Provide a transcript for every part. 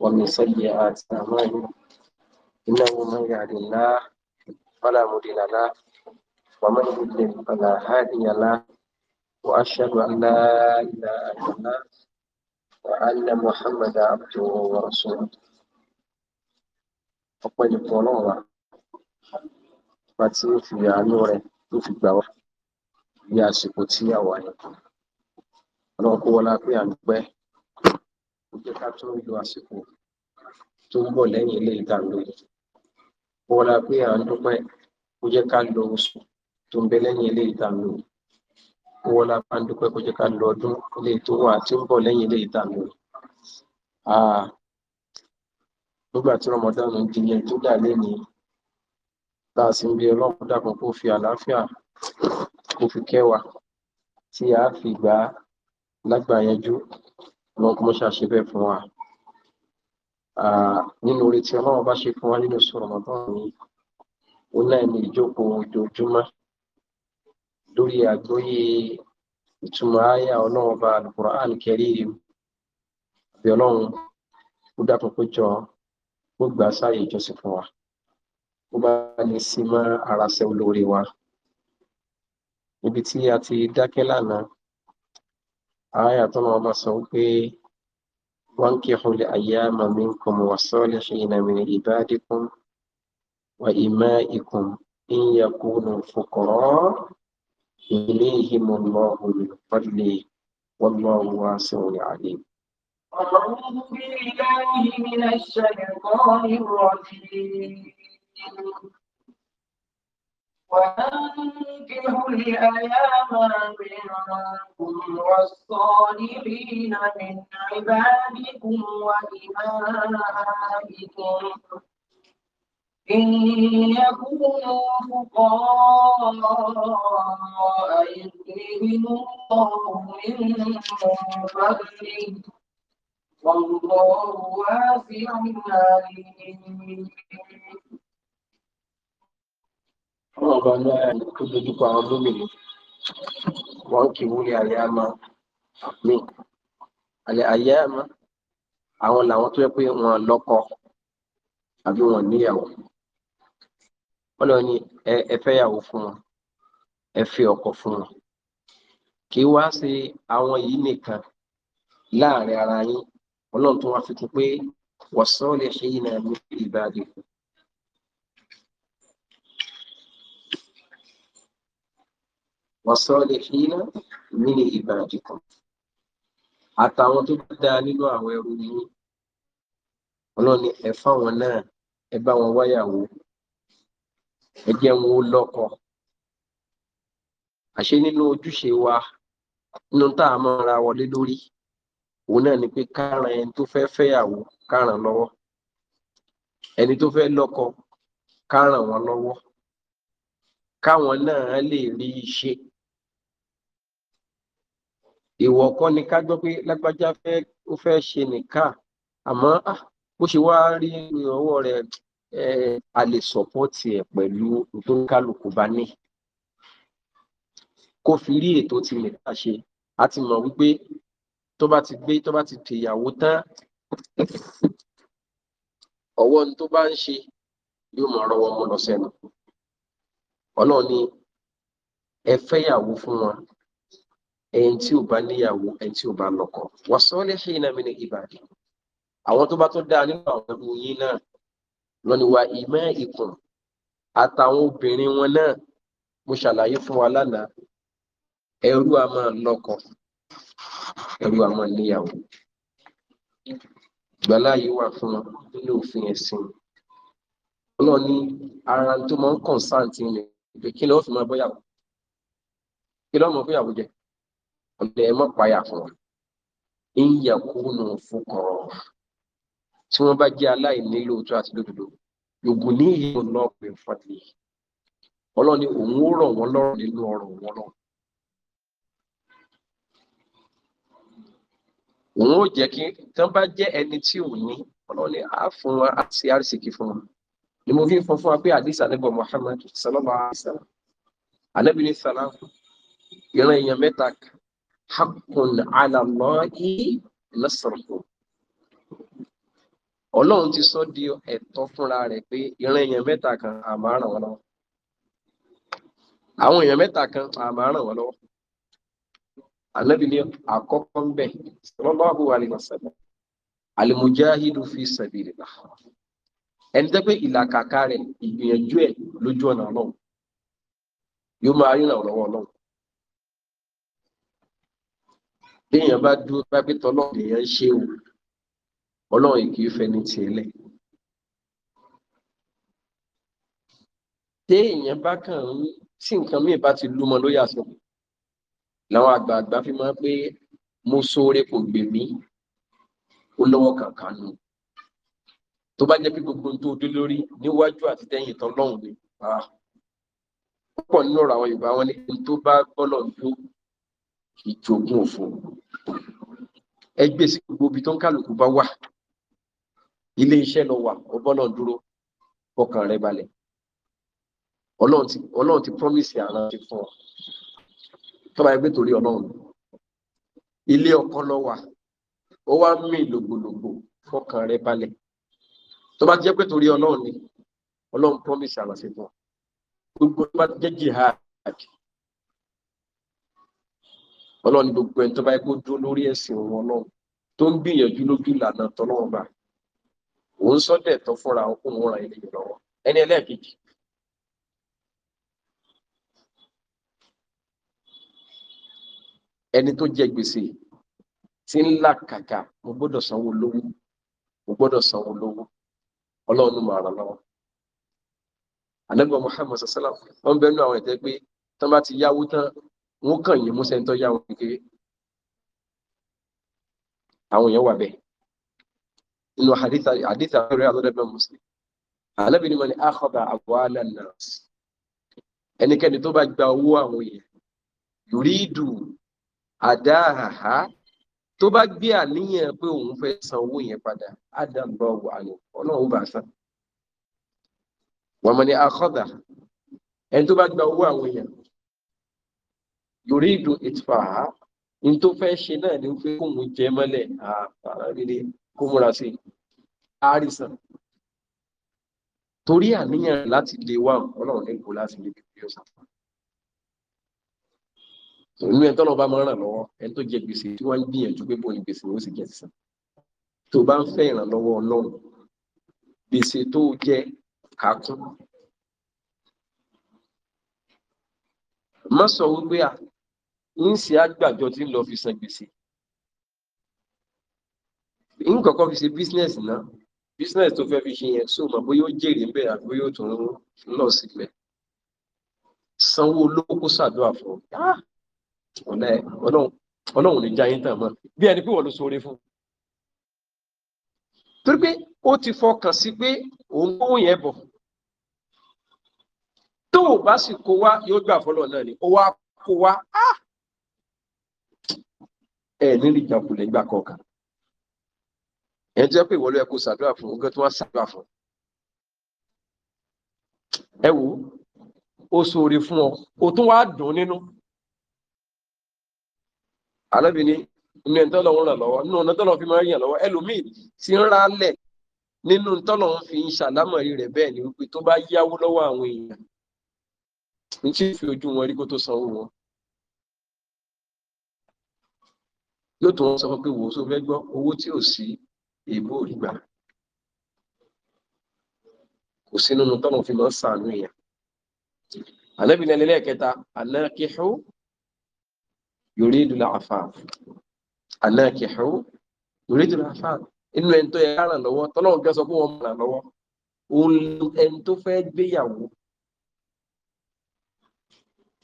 ومن سيئات أعمالنا إنه من يهد الله فلا مضل له ومن يضلل فلا هادي له وأشهد أن لا إله إلا الله وأن محمدا عبده ورسوله ọpẹ́ ní fún ọlọ́run wa fi àánú rẹ̀ tó fi gbà wá ní àsìkò tí a wà ní wọlá pé à ń pẹ́ ó jẹ́ ká tún lo àsìkò tó ń bọ̀ lẹ́yìn ilé ìta lóye wọ́n la pé à ń dúpẹ́ ó jẹ́ ká lo oṣù tó ń bẹ lẹ́yìn ilé ìta lóye wọ́n la bá ń dúpẹ́ kó jẹ́ ká lo ọdún ilé tó wà tí ń bọ̀ lẹ́yìn ilé ìta lóye fi àlàáfíà kó fi kẹwàá tí a fi gbà á lágbàáyanjú ọlọ́run kò mọ́ ṣàṣe bẹ́ẹ̀ fún wa nínú orí tí ọlọ́run bá ṣe fún wa nínú sọ̀rọ̀ ọ̀dọ́run ni ó náà ní ìjókòó ojoojúmọ́ lórí àgbóyé ìtumọ̀ àyà ọlọ́run bá Al-Qur'an Karim àbí ọlọ́run ó dàpọ̀ pé jọ ó gbà sáàyè ìjọsìn fún wa ó bá lè sí mọ́ ara ṣe wa níbi tí a ti dákẹ́ lánàá آية طبعا ما سوقي وانكحوا لأيام منكم والصالحين من عبادكم وإمائكم إن يكونوا فقراء إليهم الله من فضله والله واسع عليم أعوذ بالله من الشيطان الرجيم وأنكحوا الأيام منكم والصالحين من عبادكم وإمائكم إن يكونوا فقراء يغنهم الله من فضله والله واسع عليم ọlọ́run bá ní àyà tó dojú pa àwọn lómìnir wọn kì í wúlé àyàmá mi àlẹ àyàmá àwọn làwọn tó yẹ pé wọn lọ́kọ àbí wọn níyàwó wọn lọ ní ẹ fẹ́yàwó fún wọn ẹ fi ọkọ fún wọn kì í wá sí àwọn yìí nìkan láàrin ara yín ọlọ́run tó wá fi kún pé wọ́n sọ́ọ́ lè ṣe yìí náà ní ìbàdí والصالحين من عبادكم àtàwọn tó dá nínú àwọn ẹrú yín ọlọ́run ni ẹ fáwọn náà ẹ bá wọn wáyàwó ẹ jẹ́ wọn ó lọ́kọ àṣé nínú ojúṣe wa nínú tá a máa ra wọlé lórí òun náà ni pé káran ẹni tó fẹ́ fẹ́yàwó káran lọ́wọ́ ẹni tó fẹ́ lọ́kọ káran wọn lọ́wọ́ káwọn náà lè rí iṣẹ́ ìwọ kan ni ká gbọ́ pé lágbájá fẹ́ ó fẹ́ ṣe nìka àmọ́ ah, bó ṣe wá rí ìrànwọ́ rẹ̀ a lè sọ̀pọ́tì ẹ̀ pẹ̀lú tó kálukú bá ní kó fi rí ètò tí nìka ṣe a ti mọ̀ wípé tó bá ti gbé tó bá ti tèyàwó tán ọwọ́ ní tó bá ń ṣe yóò mọ̀ ọ̀rọ̀ wọn mú lọ sẹ́nu ọlọ́ọ̀ni ẹ fẹ́yàwó fún wọn ẹni tí ò bá níyàwó ẹni tí ò bá lọ́kọ wà sọọlẹ ṣe iná mi ní ìbàdí àwọn tó bá tó dáa nínú àwọn ẹrú yín náà lọ́niwà ìmọ̀ ìkùn àtàwọn obìnrin wọn náà mo ṣàlàyé fún wa lánàá ẹrú a máa lọ́kọ ẹrú a máa níyàwó ìgbàláyé wà fún wọn nínú òfin ẹ̀sìn ọlọ́run ní ara tó máa ń kọ̀ǹsáǹtì ni pé kí lọ́ọ́ fi máa bọ́yàwó kí lọ́ọ́ mọ̀ bọ́yàwó jẹ́ wọn ní ẹ má páyà fún wa ń yàkúnù fúkọrọ tí wọn bá jẹ aláìní lóòótọ́ àti lódodo yògùn ní ìlú náà pè fọdí Ọlọ́run ni òun ó rọ̀ wọ́n lọ́rùn nínú ọrọ̀ wọn náà òun ó jẹ́ kí tí wọn bá jẹ ẹni tí ò ní Ọlọ́run ni á fún wa á sì àrísìkí fún wa ni mo fi ń fọ fún wa pé àdìsá nígbà Muhammad sallallahu alaihi wasallam anábìrin sàlám ìran èèyàn mẹ́ta kan hakun alàlọ́ọ̀ì lọ́sọ̀rọ̀ ọlọ́run ti sọ di ẹ̀tọ́ fúnra rẹ̀ pé ìran èèyàn mẹ́ta kan àmọ́ ràn wọ́n lọ́wọ́ àwọn èèyàn mẹ́ta kan àmọ́ ràn wọ́n lọ́wọ́ ànábì ní àkọ́kọ́ ń bẹ̀ sallallahu alaihi wasallam alimujahidu fi sabilillah ẹni tẹ́ pé ìlàkàkà rẹ̀ ìgbìyànjú ẹ̀ lójú ọ̀nà ọlọ́run yóò máa rí ìrànlọ́wọ́ ọlọ́run téèyàn bá dúró bá pé tọ́lọ́ èèyàn ń ṣe o ọlọ́run yìí kì í fẹni tiẹ̀ lẹ̀. téèyàn bá kàn ń tí nǹkan míì bá ti lúmọ ló yàtọ̀ làwọn àgbààgbà fi máa ń pé mo sóore kò gbè mí ó lọ́wọ́ kankan nù tó bá jẹ́ pé gbogbo ohun tó dé lórí níwájú àti tẹ́yìn tán lọ́hùn-ún ni ah. púpọ̀ nínú ọ̀rọ̀ àwọn Yorùbá wọn ní ohun tó bá gbọ́lọ̀ ń ìjogún òfò ẹgbẹ́ sí gbogbo ibi tó ń kálukú bá wà ilé iṣẹ́ lọ wà ọbọ̀ náà dúró fọkàn rẹ balẹ̀ ọlọ́run ti promise àrà ti fún ọ tọ́ba ẹgbẹ́ torí ọlọ́run ilé ọkọ lọ wà ó wá mí lògbòlògbò fọkàn rẹ balẹ̀ tọ́ba jẹ́ pé torí ọlọ́run ni ọlọ́run promise àrà ti fún ọ gbogbo tó bá jẹ́ jihad ọlọ́run ní gbogbo ẹni tó bá yẹ kó dúró lórí ẹ̀sìn òun ọlọ́run tó ń gbìyànjú lójú ìlànà tọ́lọ́run bá òun sọ́dẹ̀ tó fúnra òun ràn ilé lọ́wọ́ ẹni ẹlẹ́ẹ̀kejì ẹni tó jẹ gbèsè tí ń là kàkà mo gbọ́dọ̀ sanwó lówó mo gbọ́dọ̀ sanwó lówó ọlọ́run mọ ara lọ́wọ́ ànábì Muhammad sallam wọn bẹnu àwọn ẹtẹ pé tán ti yáwó tán wọn kàn yìí músẹ́ tó yá wọn kékeré àwọn èèyàn wà bẹ́ẹ̀ inú àdìsá rẹ̀ àlọ́dẹ́gbẹ́ mùsùlùmí alábìnrin wọn ni àkọ́bà àwọ̀hálà náà ẹnikẹ́ni tó bá gba owó àwọn èèyàn yùrídù àdáhàhá tó bá gbé àníyàn pé òun fẹ́ san owó yẹn padà ádàbọ̀wò àná ọlọ́run bá san wọn mọ ni àkọ́bà ẹni tó bá gba owó àwọn èèyàn yorí ìlú ìtìfà á ní tó fẹ́ ṣe náà ni pé kóun jẹ mọ́lẹ̀ àbárílẹ̀ kó múra sí àrísàn torí àníyàn láti lè wà ọlọ́run ní kó láti lè bí ọ̀sán inú ẹ̀ tọ́lọ́ bá máa ràn lọ́wọ́ ẹ̀ tó jẹ gbèsè tí wọ́n ń gbìyànjú pé bóyá gbèsè ó sì jẹ sísan tó bá ń fẹ́ ìrànlọ́wọ́ ọlọ́run gbèsè tó jẹ kàkún má sọ wípé ń ṣe àgbàjọ tí ń lọ fi san gbèsè ń fi ṣe business náà business tó fẹ́ fi ṣe yẹn so mọ̀ bóyá ó jèrè ń bẹ̀ àbí bóyá ó tún ń lọ sílẹ̀ sanwó olówó kó ṣàdúrà fún ọlọ́run ọlọ́run ní jáyé tàn mọ́ bí ẹni pé wọ́n ló sọre fún torí pé ó ti fọkàn sí pé òun gbówó yẹn bọ̀ tó o bá sì kó wá yóò gbà fọlọ́ náà ni ó wá kó wá ẹ nílì ìjàkulẹ̀ ìgbà kọ̀ọ̀kan ẹ jẹ́ pé ìwọlé ẹ kò ṣàdúrà fún ogún tó wá ṣàdúrà fún ẹ wò ó sóore fún ọ o tún wá dùn nínú alábìíní inú ẹni tọ́lọ̀ ràn lọ́wọ́ inú ọ̀nà tọ́lọ̀ fi máa ń yàn lọ́wọ́ ẹlòmíì ti ń ra lẹ̀ nínú tọ́lọ̀ ń fi ṣàlámọ̀rí rẹ̀ bẹ́ẹ̀ ni wípé tó bá yáwó lọ́wọ́ àwọn èèyàn ń ṣe fi ojú wọn rí kó tó sanwó wọn yóò tó sọ pé wò ó tó fẹ́ gbọ́ owó tí ò sí èbó ò rí gbà kò sí nínú tọ́nà fi máa ń sàánú èèyàn ànábìnrin ẹni lẹ́ẹ̀kẹta anákíhù yuridu al-afaf anákíhù yuridu al-afaf inú ẹni tó yẹ ràn lọ́wọ́ tọ́lọ́run gẹ́sọ pé wọ́n ràn lọ́wọ́ ẹni tó fẹ́ gbéyàwó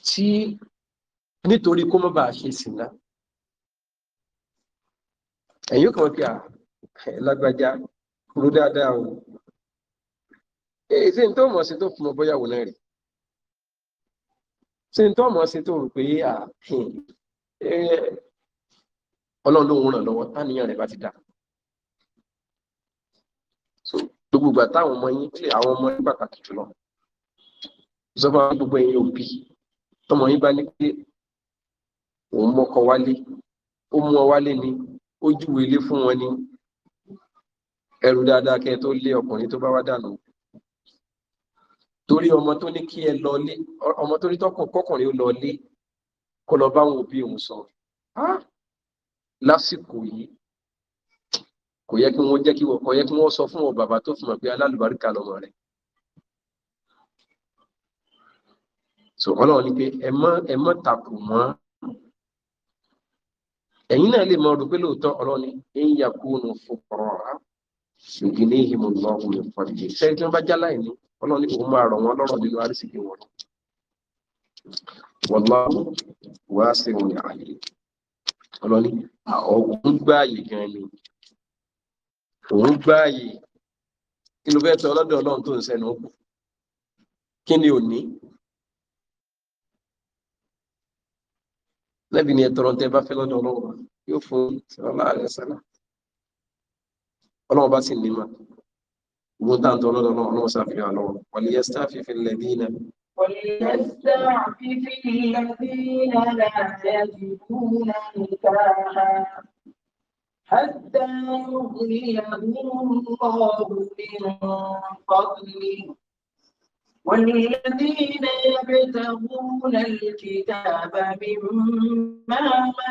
tí nítorí kó má bàa ṣe sìnà ẹ̀yìn kan kí a lágbájá ro dáadáa o ṣé n tó mọ̀ sí tó fún ọ bóyá wò náà rè ṣé n tó mọ̀ sí tó rò pé ọlọ́run ló ń ràn lọ́wọ́ táníyàn rẹ̀ bá ti dà gbogbo ìgbà táwọn ọmọ yín tí àwọn ọmọ yín pàtàkì jùlọ ìsọfún gbogbo ẹ̀yin òbí tọmọ yín bá ní pé òun mọ́kọ wálé ó mú ọ wálé ni ó júwe ilé fún wọn ní ẹrù dáadáa kẹ tó lé ọkùnrin tó bá wá dànù torí ọmọ tó ní kí ẹ lọ lé ọmọ tó ní tọkùnrin ó lọ lé kó lọ bá wọn òbí òun sọ lásìkò yìí kò yẹ kí wọ́n jẹ́ kí wọ́n kò yẹ kí wọ́n sọ fún wọn bàbá tó fi mọ̀ pé alálùbáríkà lọ́mọ rẹ̀ so ọlọ́run ni pé ẹ mọ́ ẹ mọ́ takò mọ́ ẹ̀yin náà lè máa rò pé lóòótọ́ ọ̀rọ̀ ni ń yà kúnnù fúnpọ̀rọ̀ rà ṣùgbọ́n ní ìhìmọ̀ lọ́wọ́ ìfọ̀dé sẹ́yìn tí wọ́n bá já láìní ọlọ́run ní òun máa rọ̀ wọ́n lọ́rọ̀ nínú àrísìkí wọn. gbáàyè gan ni òun gbáàyè kí ló fẹ́ tọ́ ọlọ́dọ̀ ọlọ́run tó ń sẹ́nu kí ni òní lẹ́bi ni ẹ̀tọ́rọ̀ tẹ bá fẹ́ lọ́dọ̀ ọlọ́run yóò fún sọlá rẹ̀ sálà ọlọ́run bá sì ní ma gbogbo tá à ń tọ́ lọ́dọ̀ náà ṣàfihàn lọ́wọ́ wọ́n yẹ sáfì fi lẹ́bí iná. وليستعفف الذين لا يجدون نكاحا حتى يغنيهم الله من فضله والذين يبتغون الكتاب مما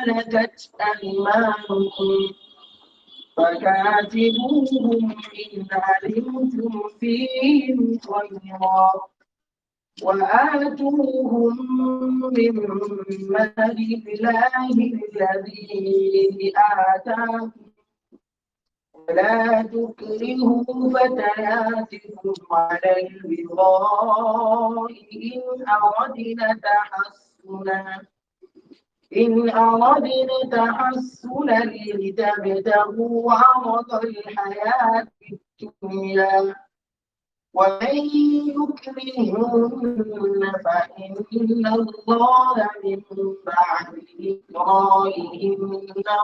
ملكت أيمانهم فكاتبوهم إن علمتم فيهم خيرا وآتوهم من مال الله الذي آتاكم ولا تكرهوا فتياتكم على البغاء إن أردنا تحصنا إن أردنا تحصنا لتبتغوا عرض الحياة الدنيا ومن يكرهن فإن الله من بعد إكراههن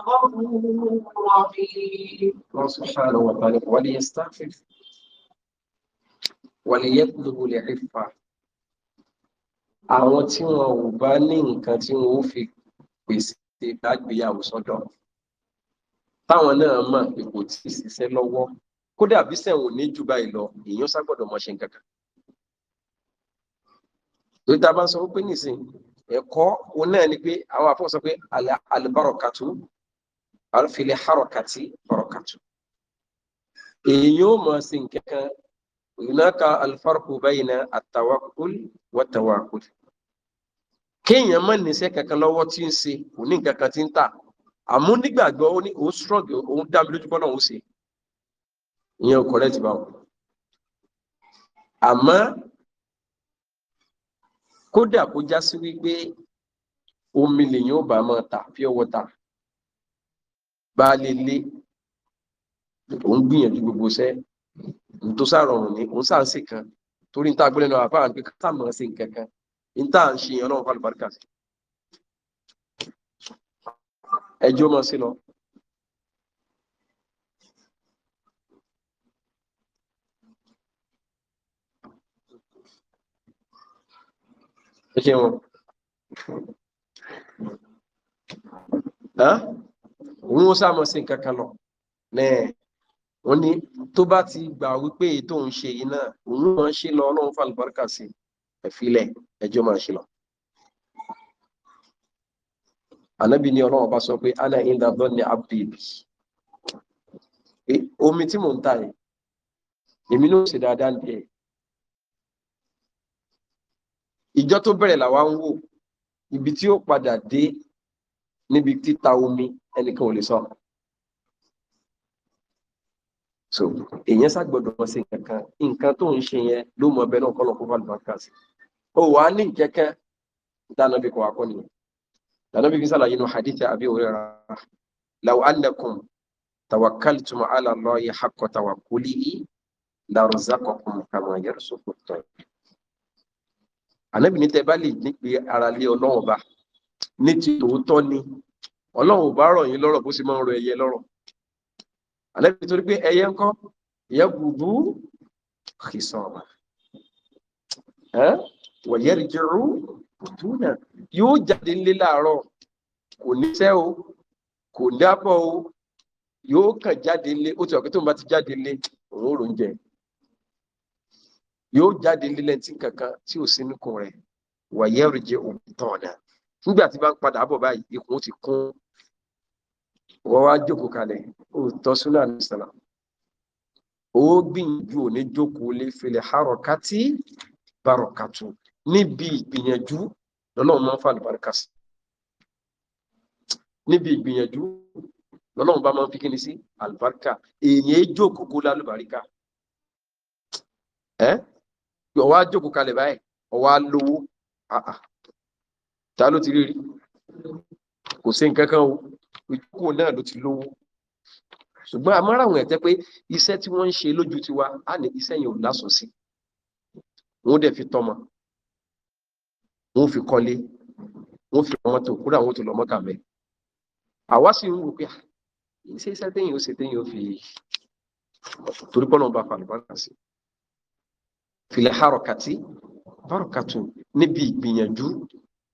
غفور رحيم. الله سبحانه وتعالى وليستعفف وليطلب العفة àwọn tí wọn ò bá ní nǹkan tí wọn ò fi pèsè bá gbéyàwó sọ́dọ̀ táwọn náà mọ̀ ipò tí ìṣiṣẹ́ lọ́wọ́ kódà bí sẹ́wọ̀n ní jù báyìí lọ èèyàn ságbọ́dọ̀ mọ̀ ṣe nǹkan kan torí tá a bá ń sọ pé nìsín ẹ̀kọ́ òun náà ni pé àwọn àfọwọ́ sọ pé alibarokatu alifili harokati barokatu èèyàn mọ̀ sí nǹkan kan ìnáka alifarku bayna àtàwákùl wàtàwákùl kéèyàn mọ̀ níṣẹ́ kankan lọ́wọ́ tí ń ṣe kò ní nǹkan kan tí ń tà àmú ó ní òun strong òun dá mi lójú bọ́lá òun ṣe ìyẹn ò correct báwọn àmọ́ kódà kó já sí wípé omi lèyìn ò bá máa ta pure water bá lè lé òun gbìyànjú gbogbo iṣẹ́ tó sàrọrùn ni òun sàn sí kan torí níta gbélé náà àbá àgbẹ̀ mọ̀ sí nǹkan kan níta ń ṣe ìyẹn náà fàlùbáríkà sí ẹjọ́ mọ̀ sí lọ. ẹ ṣe wọn wọn ó sáà mọ sí nǹkan kan lọ náà wọn ní tó bá ti gbà wípé ètò òun ṣe yìí náà òun máa ń ṣe lọ Ọlọ́run fàlùbáràkà sí ẹfilẹ ẹjọ máa ṣe ana inda dhanni abdi bi omi tí mò ń ta ìjọ tó bẹ̀rẹ̀ làwa ń wò ibi tí ó padà dé níbi títa omi ẹnìkan ò lè sọ so èèyàn ṣàgbọ́dọ̀ mọ̀ sí nǹkan nǹkan tó ń ṣe yẹn ló mọ ọbẹ̀ náà kọ́ kó bàlùbà kà sí o wà á ní kẹ́kẹ́ dáná bí kò wá kọ́ nìyẹn dáná bí fi sàlàyé nu hadith àbí orí ra law annakum tawakkaltum ala Allahi haqqa tawakkulihi la razaqakum kama yarzuqu at-tayr ànábì ní tẹ bá lè ní ara lé ọlọ́run ọba ní ti tòótọ́ ni ọlọ́run ọba rọ̀ yín lọ́rọ̀ bó ṣe máa ń rọ ẹyẹ lọ́rọ̀ ànábì torí pé ẹyẹ ń kọ́ ìyẹ gbùgbù kì í san ọba wọ̀nyẹ́ rí jẹ́rú òtú náà yóò jáde ńlé láàárọ̀ kò níṣẹ́ o kò dábọ̀ o yóò kàn jáde ńlé ó ti ọ̀kẹ́ tó ń bá ti jáde ńlé òun ò lóúnjẹ yóò jáde nílẹ̀ tí kankan tí ò sí nìkún rẹ̀ wàyẹ́ rìjẹ́ òbí tán ọ̀nà nígbà tí bá ń padà bọ̀ báyìí ikùn ti kún wọ́n wá jókòó kalẹ̀ òótọ́ súnà ní sàlà ó gbìyànjú òní jókòó lé fèlè harọ̀kátì barọ̀kàtù níbi ìgbìyànjú lọ́nà máa ń fa àlùbáríkà sí níbi ìgbìyànjú lọ́nà bá máa ń fi kíni sí àlùbáríkà èèyàn e jókòó lálùbáríkà ọwọ́ àjòkó kalẹ̀ báyìí ọwọ́ àlówó àà ta ló ti rí rí kò sí nǹkan kan o ìjókòó náà ló ti lówó ṣùgbọ́n àmọ́ra àwọn ẹ̀tẹ́ pé iṣẹ́ tí wọ́n ń ṣe lójú tiwa á ní iṣẹ́ yẹn ò lásùn sí wọ́n dẹ̀ fi tọ́mọ wọ́n fi kọ́lé wọ́n fi ọmọ tó kúrò àwọn tó lọ́mọ kà mẹ́ àwa sì ń wò pé iṣẹ́ iṣẹ́ téyìn ó ṣe téyìn ó fi torí pọ́nà ọba fàlùbáńkà sí i fìlẹ̀ harokati barakatu níbi ìgbìyànjú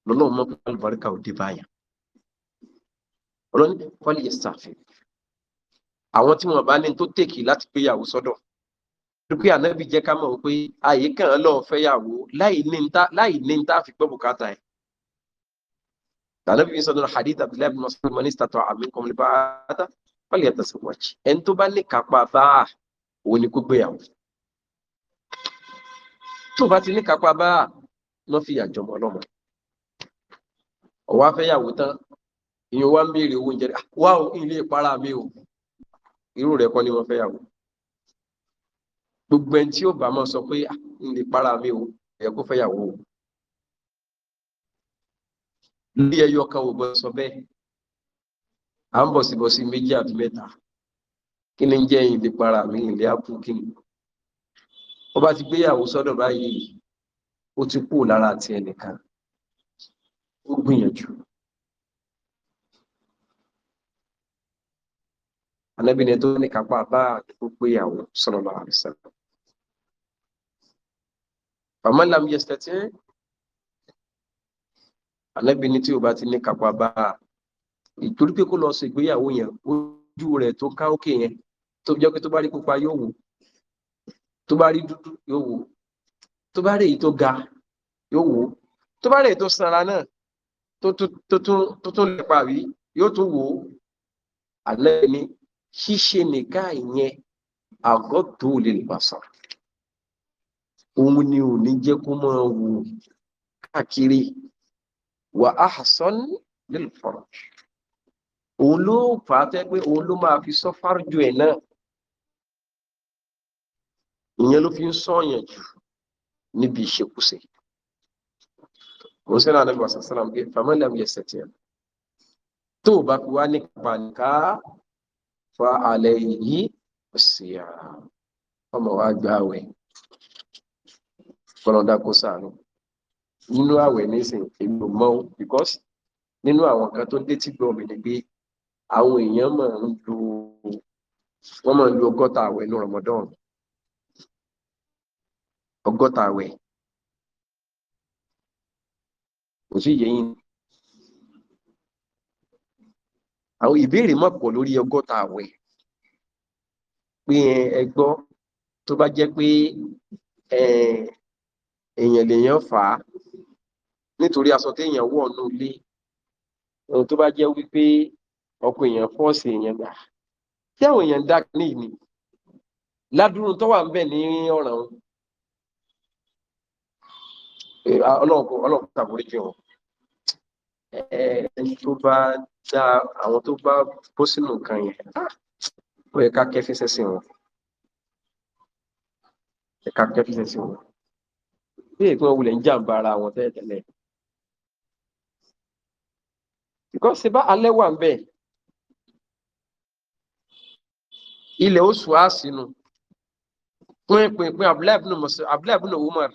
lọ́lọ́run mọ́ alùbáríkà òde báyà ọlọ́ni wọ́n lè ṣàfihàn àwọn tí wọ́n bá ní tó tèkì láti gbéyàwó sọ́dọ̀ pé ànábì jẹ́ ká mọ̀ pé ààyè kàn án lọ́ọ́ fẹ́yàwó láì ní ní tá a fi gbọ́ bùkátà ẹ̀ ànábì mi sọ̀rọ̀ hadith abdullahi bin masu mani statọ̀ àmì kọ́mọlẹ́bàá wọ́n lè ẹni tó bá ní kápá bá òun ni kó gbéyàwó tó bá ti ní kápá bá lọ fi àjọmọ ọlọmọ ọwọ́ afẹ́yàwó tán ìyẹn wá ń béèrè owó oúnjẹ ah, wá o ilé ìpara mi o irú rẹ̀ kọ́ ni wọ́n fẹ́yàwó gbogbo ẹni tí ó bá máa sọ pé ilé ah, ìpara mi o ẹ kó fẹ́yàwó o ní ẹyọ kan ò gbọ́dọ̀ sọ bẹ́ẹ̀ à ń bọ̀sibọ̀si méjì àbí mẹ́ta kí ni ń jẹ́ ilé ìpara mi ilé ápù kí ni ó bá ti gbéyàwó sọ́dọ̀ báyìí ó ti kú lára àti ẹnìkan ó gbìyànjú anábìnrin tó ní kápá bá àdúgbò gbéyàwó sọ́dọ̀ bá àrísà bàmá làmì yẹsẹ̀ tí anábìnrin tí ó bá ti ní kápá bá ìtorí pé kó lọ ṣègbéyàwó yẹn ojú rẹ̀ tó ká òkè yẹn tó jẹ́ pé tó bá rí pupa yóò wò tó bá rí dúdú yóò wò tó bá rí èyí tó ga yóò wò tó bá rí èyí tó sanra náà tó tún lẹ́pa rí yóò tún wò ó alẹ́ ni ṣíṣe nìka ìyẹn àgọ́ tó lè bà sàn òun ni ò ní jẹ́ kó máa wò káàkiri wà á sọ́n lè fọ̀rọ̀ òun ló fà á tẹ́ pé òun ló máa fi sọ́fárù ju ẹ̀ náà ìyẹn ló fi ń sọ̀yàn jù níbi ìṣekúṣe mọ̀sẹ́lá anábì wàsá sálàm pé fàmílà mi ẹsẹ̀ tiẹ̀ tó o bá fi wá ní pàǹká fa àlẹ́ yìí ọ̀sẹ̀ ọmọ wa gba àwẹ̀ kọlọ́dá kó sàánú nínú àwẹ̀ nísìnyí èmi ò mọ́ because nínú àwọn kan tó dé tí gbọ́ mi ni pé àwọn èèyàn máa ń lo wọ́n máa ń lo ọgọ́ta àwẹ̀ ní Ramadan ọgọ́ta àwẹ̀ kò sí yẹ̀yìn àwọn ìbéèrè má pọ̀ lórí ọgọ́ta àwẹ̀ pé ẹ gbọ́ tó bá jẹ́ pé èèyàn lèèyàn fà á nítorí aṣọ téèyàn wọ̀ nù ilé ohun tó bá jẹ́ wípé ọkọ èèyàn fọ́ọ̀sì èèyàn gbà tí àwọn èèyàn dá ní ìní ládùúrún tó wà ń bẹ̀ ní ọ̀ràn ọlọ́ọ̀kọ́ ọlọ́ọ̀kọ́ ṣàforíjì wọn ẹni tó bá já àwọn tó bá bó sínú nǹkan yẹn ó yẹ ká kẹfí sẹ́sìn wọn ẹ ká kẹfí sẹ́sìn wọn bí èkó wulẹ̀ ń jàǹbá ara wọn tẹ́lẹ̀ tẹ́lẹ̀ because ṣe bá alẹ́ wà ń bẹ̀ ilẹ̀ oṣù àṣìnù pínpín pín abúlé àbúlé àbúlé Umar.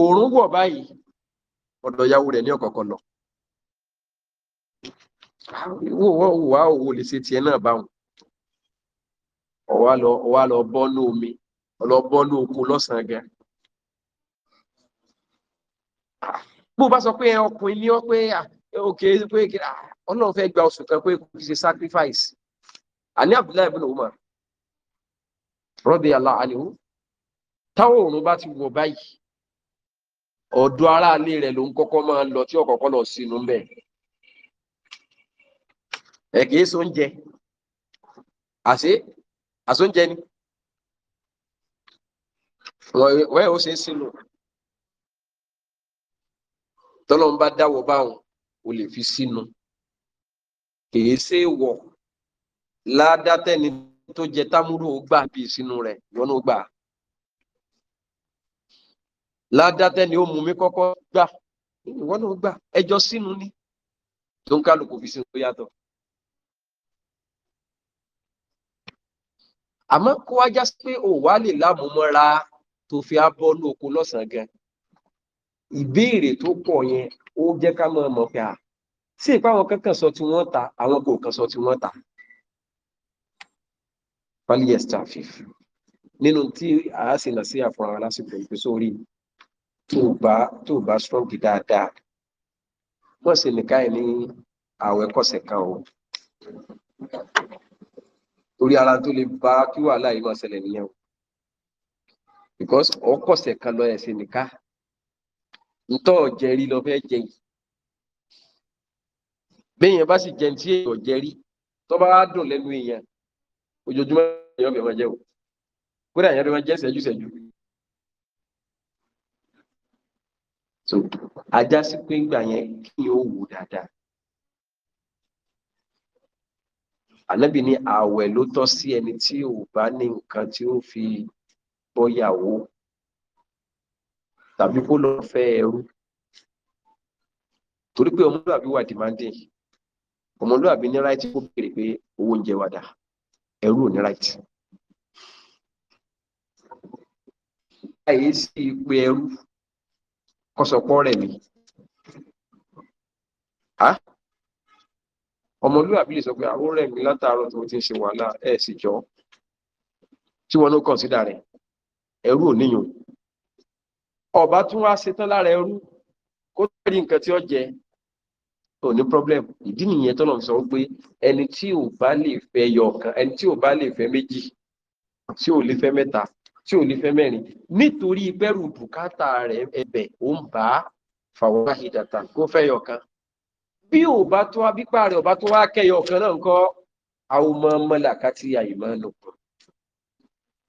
òórùn wọ̀ báyìí ọ̀dọ̀ ìyàwó rẹ̀ ní ọ̀kọ̀ọ̀kan lọ wò wọ́n wà òwò lè ṣe tiẹ̀ náà báwọn ọ̀wá lọ bọ́nú omi ọlọ́bọ́nú bụ lọ́sàn-án bó bá sọ pé ọkùnrin ní ọ pé òkè pé ọlọ́run fẹ́ gba oṣù kan pé kò fi ṣe sacrifice àní Abdullahi Umar táwọn bá ti wọ̀ báyìí ọ̀dọ̀ aráalé rẹ̀ ló ń kọ́kọ́ máa lọ tí ọ̀kọ̀ọ̀kọ́ lọ sínú ń bẹ̀. ẹ̀ kìí àṣé àsóúnjẹ ni wẹ́ẹ̀ ó ṣe é sínú tọ́lọ́n bá dáwọ́ báwọn o lè fi sínú kìí ṣe é wọ̀ ládàtẹ́ni tó jẹ támúrò ó gbà bíi sínú rẹ̀ yọnú gbà á ládàtẹ́ ni ó mú mi kọ́kọ́ gbà ìwọ náà gbà ẹjọ́ sínú ni tó ń kálukú fi sínú tó yàtọ̀. àmọ́ kó wá já sí pé ò wá lè lámúmọ́ra tó fi abọ́ ní oko lọ́sàn-án gan ìbéèrè tó pọ̀ yẹn ó jẹ́ ká mọ̀ mọ̀ pé à sí ìpá àwọn kankan sọ tí wọ́n ta àwọn kò kan sọ tí wọ́n ta pálíyẹ̀sì tàfíf nínú tí a sì nà sí àfọ̀ràn lásìkò ìpèsè orí mi tó bá tó bá strong dáadáa wọ́n sì nìka ẹ̀ ní àwẹ̀ kọ̀sẹ̀ kan o torí ara tó lè bá kí wàhálà yìí máa ṣẹlẹ̀ nìyẹn o because ọkọ̀sẹ̀ kan lọ ẹ̀ sì nìka ntọ́ jẹrí lọ fẹ́ jẹ yìí béèyàn bá sì jẹ tí èèyàn jẹrí tó bá dùn lẹ́nu èèyàn ojoojúmọ́ èèyàn bẹ̀rẹ̀ jẹ́ o kódà èèyàn bẹ̀rẹ̀ jẹ́ sẹ́jú sẹ́jú so ajá sí pé ìgbà yẹn kí n ó wò dáadáa ànábì ní ààwẹ̀ ló tọ́ sí ẹni tí ò bá ní nǹkan tí ó fi bọ́yàwó tàbí kó lọ fẹ́ ẹrú torí pé ọmọlúwàbí wà demanding ọmọlúwàbí ní right kó béèrè pé owó oúnjẹ wà dà ẹrú ò ní right. àyè sí pé ẹrú kọsọpọ rẹ mi ọmọlúwàbí lè sọ pé àwọn rẹ mi látàárọ̀ tó ti ń ṣe wàhálà ẹ sì jọ tí wọn ló kọnsídà rẹ ẹrú ò níyàn ọba tún wá ṣetán lára ẹrú kó rí nǹkan tí ó jẹ ò ní problem ìdí nìyẹn tọ́nà sọ pé ẹni tí ò bá lè fẹ́ yọ ọ̀kan ẹni tí ò bá lè fẹ́ méjì tí ò lè fẹ́ mẹ́ta tí ò ní fẹ́ mẹ́rin nítorí bẹ́rù bùkátà rẹ̀ ẹ̀bẹ̀ ó ń bá fàwọn ìdàtà kó fẹ́ yọkan bí ò bá tó abípa rẹ̀ ò bá tó wá kẹyọ kan náà ńkọ́ àwọn ọmọ mọ́là kátí àyèmọ́ lò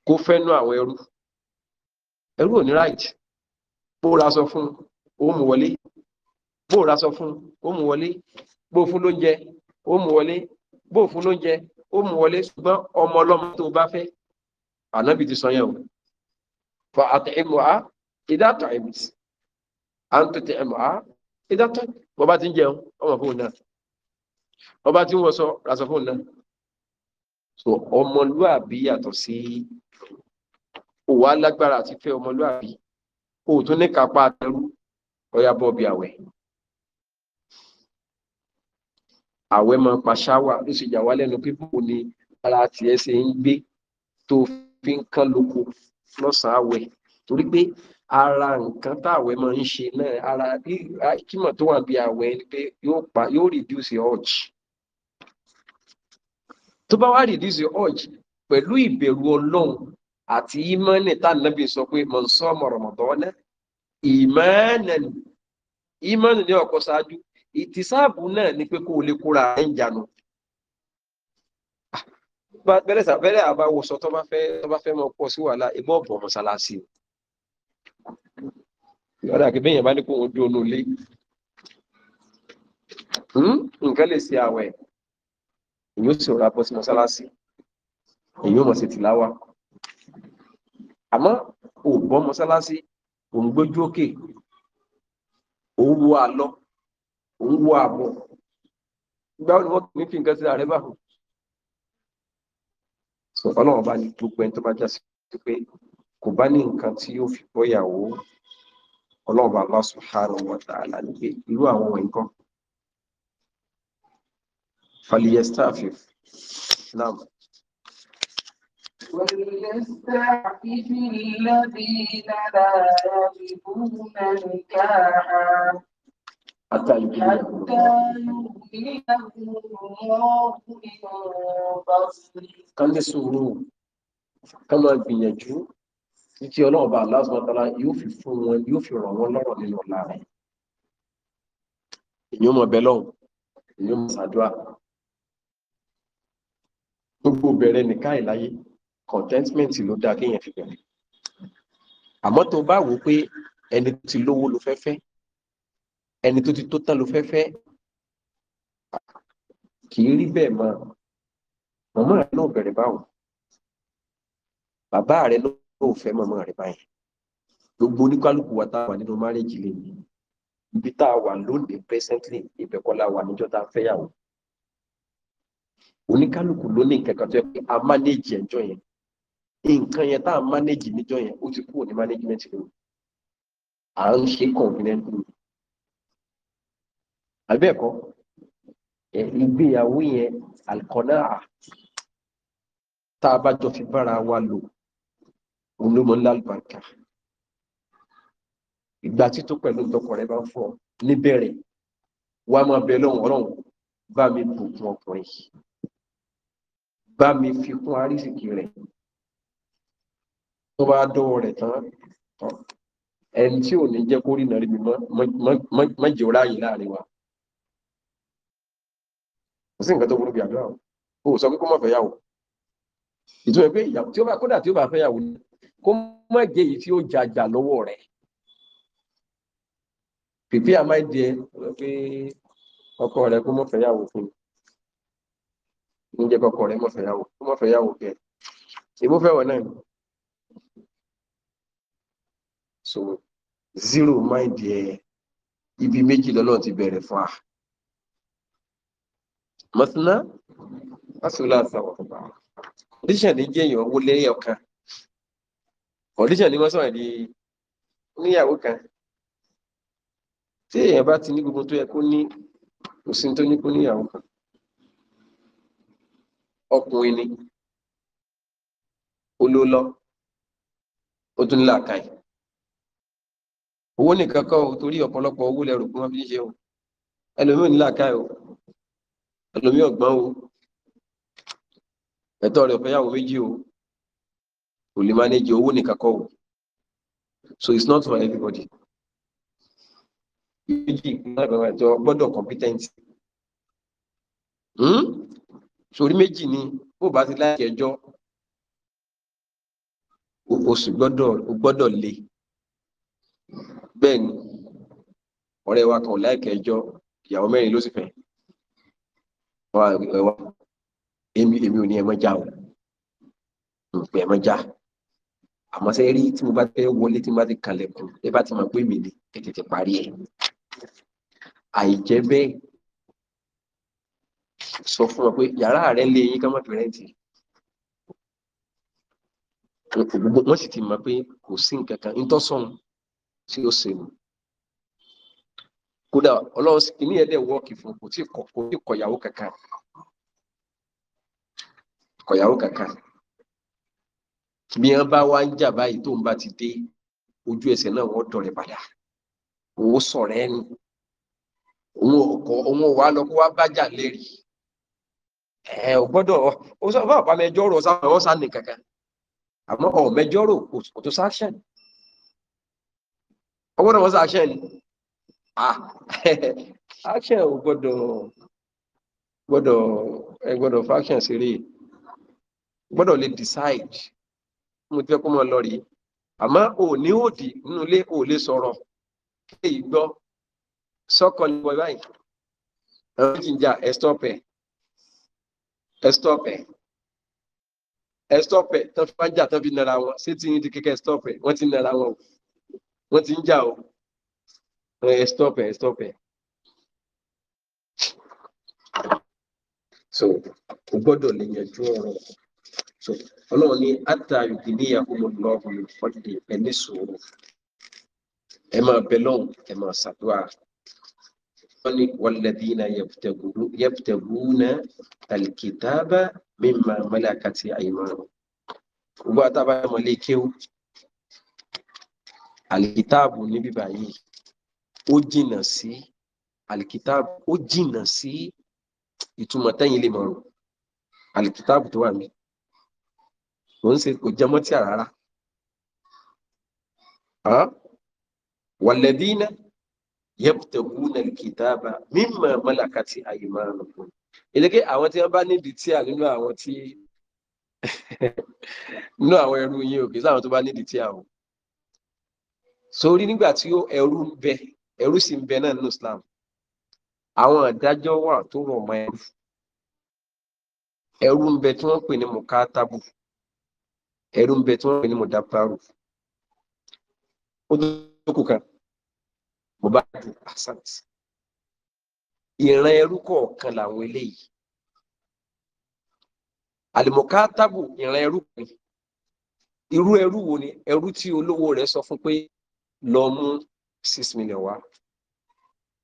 kó fẹ́nu àwọn ẹrú ẹrú ò ní bóra sọ fún ó mú wọlé bóra sọ fún ó mú wọlé bó fún lóúnjẹ ó mú wọlé bó fún lóúnjẹ ó mú wọlé ṣùgbọ́n ọmọ ọlọ́mọ tó bá fẹ́ ànábì ti sọ o fa àtẹ̀mù á ìdátọ̀ ẹ̀mí à ń tètè ẹ̀mù á ìdátọ̀ bọ́ bá ti ń jẹun fóun náà bọ́ ti ń wọṣọ fóun náà so ọmọlúàbí yàtọ̀ sí òwò alágbára àti fẹ́ ọmọlúàbí kò tún ní kápá àtẹrú ọyá bọ́ọ̀bì àwẹ̀ àwẹ̀ máa pa ṣáwà ó sì jà wá lẹ́nu pípò ní ara tiẹ̀ ṣe ń gbé tó fi ń kán lóko lọ́sàn-án àwẹ̀ torí pé ara nǹkan táwẹ̀ máa ń ṣe náà ara kímọ̀ tó wà bí àwẹ̀ ni pé yóò pa yóò reduce urge tó bá wá reduce urge pẹ̀lú ìbẹ̀rù ọlọ́run àti ìmọ̀ọ́nì tá sọ pé mọ̀ ń sọ ọmọ rọ̀mọ̀dọ́nà ìmọ̀ọ́nì ìmọ̀ọ́nì ní ọkọ̀ ṣáájú ìtìsáàbù náà ni pé kó o lè kóra ẹ̀ ń jànú bẹ́lẹ̀ bẹ́lẹ̀ àbáwọ̀sọ tó bá fẹ́ tó bá fẹ́ mọ pọ̀ sí wàhálà ìbọn ọ̀bọ̀ mọ́sálásí lọ́dà kí bẹ́yẹn bá ní kó ojú olólé hmm? nǹkan lè ṣe àwẹ̀ èyí ó sì rọra bọ́ sí mọ́sálásí èyí ó mọ̀ sí tìláwà àmọ́ ò bọ́ mọ́sálásí ò ń gbójú òkè ò ń wo àlọ́ ò wo àbọ̀ gbáwọn ni wọ́n kì í fi nǹkan sí àrẹ́bà fún ọlọ́run bá ní gbogbo ẹni tó bá já sí pé kò bá ní nǹkan tí yóò fi bọ́ ìyàwó ọlọ́run Allah subhanahu wa ta'ala ní pé irú àwọn wọ̀nyí kan فليستعفف نعم وليستعفف الذين لا يجدون نكاحا حتى يكونوا kan ní sùúrù kan máa gbìyànjú títí ọlọ́ọ̀bá aláṣọ́tọ́lá yóò fi fún wọn yóò fi rọ̀ wọ́n lọ́rọ̀ nínú ọ̀la rẹ̀ èyí ó mọ̀ bẹ́ẹ̀ lọ́hùn èyí ó mọ̀ ṣàdúrà gbogbo bẹ̀rẹ̀ nìkan ìláyé contentment ló dáa kéèyàn fi bẹ̀rẹ̀ àmọ́ tó bá wò pé ẹni tó ti lówó ló fẹ́ fẹ́ ẹni tó ti tó tán ló fẹ́ kì í rí bẹ́ẹ̀ mọ́ màmá rẹ náà bẹ̀rẹ̀ báwọn bàbá rẹ náà ò fẹ́ màmá rẹ báyìí gbogbo oníkálukú wa tá a wà nínú márẹ́jì lè ní ibi tá a wà lónìí presently ibẹ̀ kọ́ la wà níjọ́ tá a fẹ́yàwó oníkálukú ló ní nǹkan tó yẹ pé a manage ẹjọ́ yẹn nǹkan yẹn tá a manage níjọ́ yẹn ó ti kúrò ní management lónìí à ń ṣe conveniently àbẹ́ẹ̀kọ́ ìgbéyàwó yẹn àlùkọ́nà tá a bá jọ fi bára wa lò olómọ lálùbáńkà ìgbà tító pẹ̀lú ìtọkọ rẹ bá ń níbẹ̀rẹ̀ wà máa bẹ lọ́wọ́ ọlọ́run bá mi bùkún ọkùnrin bá mi fi kún àrísìkí rẹ̀ tó bá dọ́wọ́ rẹ̀ tán ẹni tí ò ní jẹ́ kó rí nàrí mi mọ́ mọ́ mọ́ jẹ́ ọ̀rá yìí láàrin wa sí nǹkan tó burú bí àdúrà o kò sọ pé kó má fẹ́yàwó ìtumọ̀ pé ìyàwó tí ó bá kódà tí ó bá fẹ́yàwó kó má jẹ́ èyí tí ó jàjà lọ́wọ́ rẹ̀ pèpè àmáìdí ẹ pé ọkọ rẹ kó má fẹ́yàwó fún mi níjẹ́ kọkọ rẹ má fẹ́yàwó kó má fẹ́yàwó kẹ ìbú fẹ́wọ̀ náà so zero máìdí ẹ ibi méjì lọ́lọ́ ti bẹ̀rẹ̀ fún a mọ́sánná asùlá àsàwọ̀ condition ní jẹ́ èèyàn owó lẹ́yìn ọ̀kan condition ní mọ́sánná ní níyàwó kan tí èèyàn bá ti ní gbogbo tó yẹ kó ní kò sí tó ní kó níyàwó kan ọkùnrin ni olólọ ó tún ní làákàyè owó nìkan kọ́ torí ọ̀pọ̀lọpọ̀ owó lẹ́rù kí wọ́n fi ń ṣe o ẹlòmíràn ní làákàyè o ẹlòmí ọgbọ́n o ẹ̀tọ́ rẹ̀ fẹ́yàwó méjì o kò lè mánéjì owó nìkan kọ́ so it's not for everybody méjì ìpínlẹ̀ ẹ̀tọ́ gbọ́dọ̀ competent hmm? sórí méjì ni bó bá ti láì ẹjọ́ oṣù gbọ́dọ̀ gbọ́dọ̀ le bẹ́ẹ̀ ni ọ̀rẹ́ wa kan láì ẹjọ́ ìyàwó mẹ́rin ló sì fẹ́ wá ẹ wá èmi èmi ò ní ẹ mọ́jà o pé ẹ mọ́jà àmọ́ ṣe rí tí mo bá fẹ́ wọlé tí mo bá ti kalẹ̀kùn ẹ bá ti mọ̀ pé mi ni ẹ tètè parí ẹ̀ àìjẹ́ bẹ́ẹ̀ sọ fún wọn pé yàrá rẹ lé yín ká má fi rẹ́ǹtì wọ́n sì ti mọ̀ pé kò sí nǹkan kan ń tọ́sọ̀run tí ó ṣe kódà ọlọ́run kìíní ẹ̀ dẹ̀ wọ́ọ̀kì fún kò tí kọ̀yàwó kankan kọ̀yàwó kankan bí wọ́n bá wá ń jà báyìí ń bá ti dé ojú ẹsẹ̀ náà wọ́n dọ̀rẹ̀ padà òun sọ̀rọ̀ ẹni òun ọkọ̀ òun wà lọ wá bájà lẹ́rìí ọ gbọ́dọ̀ sọ fún mẹjọ rò sáwọn ọ̀sá ní kankan àmọ́ Ah, action ò gbọ́dọ̀ gbọ́dọ̀ ẹ gbọ́dọ̀ faction ṣeré gbọ́dọ̀ lè decide mo ti fẹ́ kó mọ́ lọ rí àmọ́ ò ní òdì nínú ilé ò lè sọ̀rọ̀ kéyìí gbọ́ sọ́kọ ní wọ́n báyìí àwọn jìjà ẹ stop ẹ ẹ stop ẹ ẹ stop ẹ tó fi máa ń jà tó fi nara wọn ṣé tí ń di kékeré stop ẹ wọ́n ti nara wọn o wọ́n ti ń jà o stop here, stop here. So, o gbọ́dọ̀ lè yẹjú So, ọlọ́run ní ata ìdílé àkómọ lọ́ọ̀bù ní fọ́dé ẹni sòrò. Ẹ máa bẹ lọ́hùn, ẹ máa ṣàdúrà. Wọ́n ní walladhina yabtaguna kitaba mimma malakati aymanuhum. Gbogbo àtàbà Al-kitabu ní ó jìnà sí alikitab ó jìnà sí ìtumọ̀ tẹ́yìn lè mọ̀rọ̀ alikitab tó wà mí kò ń ṣe kò jẹ mọ́ tíà rárá wàlẹ́dínà yẹ́pùtẹ̀kùnà alkitaba mímọ̀ mọ́làkàtì aymanukum ìlẹ́kẹ́ àwọn tí wọ́n bá nídi tíà nínú àwọn tí nínú àwọn ẹrú yín òkè sáwọn tó bá nídi tíà o sórí nígbà tí ẹrú ń bẹ ẹrú sì ń bẹ náà nínú Islam àwọn àdájọ́ wà tó rọ̀ mọ́ ẹrú ẹrú ń bẹ tí wọ́n pè ní mukatabu ẹrú ń bẹ tí wọ́n pè ní mudabaru ó tó kù kan mubadu asant ìran ẹrú kọ̀ọ̀kan làwọn eléyìí alimukatabu ìran ẹrú kan irú ẹrú wo ni ẹrú tí olówó rẹ̀ sọ fún pé lọ mú six million wá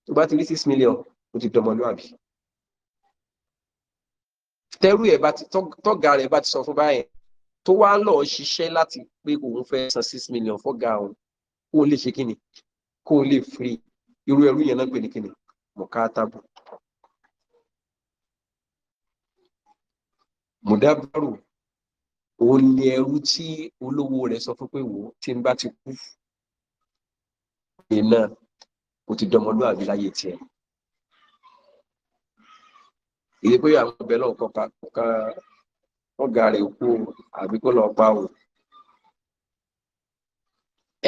tó bá ti rí six million ó ti dọmọlúwàbí tẹrú ẹ bá ti tọ̀gá rẹ̀ bá ti sọ fún báyẹn tó wá lọ ṣiṣẹ́ láti pé òun fẹ́ san six million fọ́gá òun kó lè ṣe kíni kó lè free irú ẹrú yẹn náà pè ní kíni mọ̀kátàbù mọ̀dábàrù òun ni ẹrú tí olówó rẹ̀ sọ fún pé wò ó tí n bá ti kú ìyẹn ó ti dọmọlúwàbí láyé tiẹ̀ èyí pé àwọn ọbẹ̀ náà kọ́ka kọ́ka ọ̀gá rẹ̀ kú àbí kó lọ pa o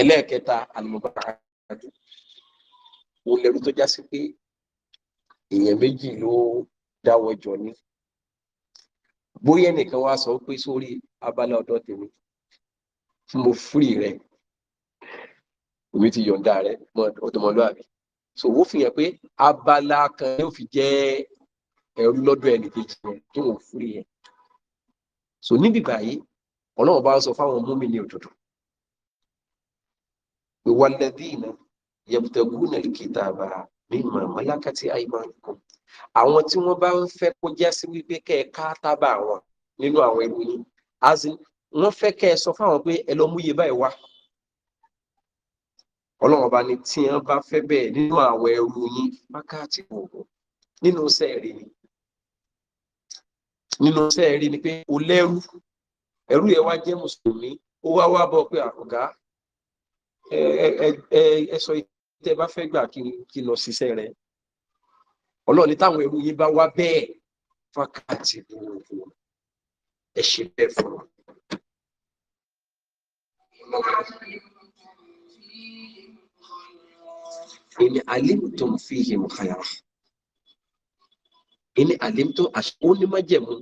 ẹlẹ́ẹ̀kẹta àlùmọ́bàkàdù wo lẹ́rú tó já sí pé èèyàn méjì ló dáwọ́ jọ ní bóyá ẹnìkan wá sọ pé sórí abala ọ̀dọ́ tèmi mo fúri rẹ̀ èmi ti yọ̀ǹda rẹ̀ ọ̀dọ́mọlúwàbí so wọ́n fi hàn pé abala kan yóò fi jẹ́ ẹrú lọ́dọ̀ ẹnì kejì rẹ̀ tó wọ́n fúri yẹn so níbi báyìí ọlọ́run bá ń sọ fáwọn múmi ní òdodo pé walladhina yabtaguna al-kitaba mimma malakati aymanukum àwọn tí wọ́n bá ń fẹ́ kó já sí wípé kẹ́ ẹ ká tábà wọn nínú àwọn ẹrú yín wọ́n fẹ́ kẹ́ ẹ sọ fáwọn pé ẹ lọ mú iye báyìí wá ọlọ́run ọba ni tí wọ́n bá fẹ́ bẹ́ẹ̀ nínú àwọn ẹrú yín wákàtí òògùn nínú sẹ́ẹ̀rì ni nínú sẹ́ẹ̀rì ni pé o lẹ́rú ẹrú yẹn wá jẹ́ mùsùlùmí ó wá wá bọ̀ pé àrùgá ẹ sọ tẹ bá fẹ́ gbà kí n lọ ṣiṣẹ́ rẹ ọlọ́run ní táwọn ẹrú yín bá wá bẹ́ẹ̀ wákàtí òògùn ẹ ṣe bẹ́ẹ̀ fún wọn. in alimtum fihim khayra in alimtum ó ní májẹ̀mú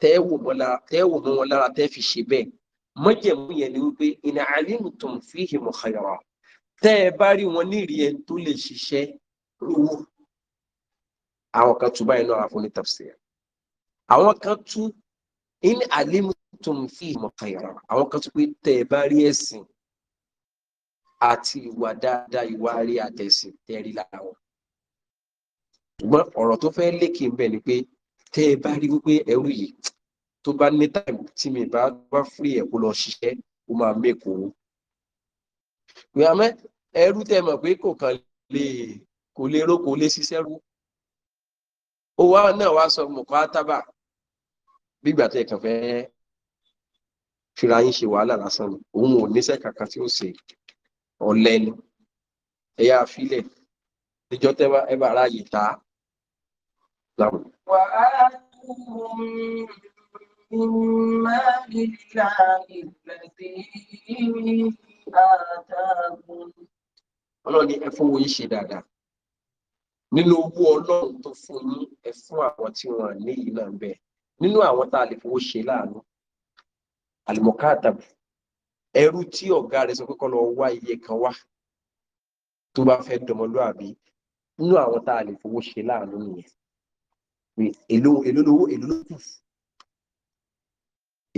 tẹ́wò mọ́ wọn lára tẹ́ fi ṣe bẹ́ẹ̀ májẹ̀mú yẹn ni wípé in alimtum fihim khayra tẹ́ ẹ bá rí wọn ní ìrí ẹni tó lè ṣiṣẹ́ lówó àwọn kan tú báyìí náà àfọ̀ní tafsir àwọn kan tú in alimtum fihim khayra àwọn kan tú pé tẹ́ ẹ bá rí ẹ̀sìn àti ìwà dáadáa ìwà rí àtẹ̀sìn tẹ́rí lára wọn. ṣùgbọ́n ọ̀rọ̀ tó fẹ́ lékè ń bẹ̀ ni pé tẹ́ ẹ bá rí wípé ẹrú yìí tó bá ní táìmù tí mi bá bá fúri ẹ̀ kó lọ ṣiṣẹ́ ó máa mẹ́kọ̀ owó. ìyàmẹ́ ẹrú tẹ́ mọ̀ pé kò kàn lè kò lè ró kò lè ṣiṣẹ́ rú. owó náà wá sọ mọ̀kọ́ átábà bí ìgbà kàn fẹ́ fira yín ṣe wàhálà lásán ni òun ò níṣẹ́ kankan tí ó ṣe ọ̀lẹ ni ẹ̀yà àfilẹ̀ níjọ́ tẹ́wà ẹbà ara yìí ta láwọn. wà á kúrùn mímọ́ nílá ìgbẹ̀sẹ̀ àtàkùn. ọlọ́ni ẹ fún wọn ṣe dáadáa nínú owó ọlọ́run tó fún yín ẹ fún àwọn tí wọ́n ní yìí bẹ́ẹ̀ nínú àwọn tá a lè fowó ṣe láàánú àlùmọ́ká àtàkùn ẹrú tí ọ̀gá rẹ̀ sọ pé kọ́ lọ wá iye kan wá tó bá fẹ́ dọmọlúàbí nínú àwọn tá a lè fowó ṣe láàánú nìyẹn èlò èlò lówó èlò ló kù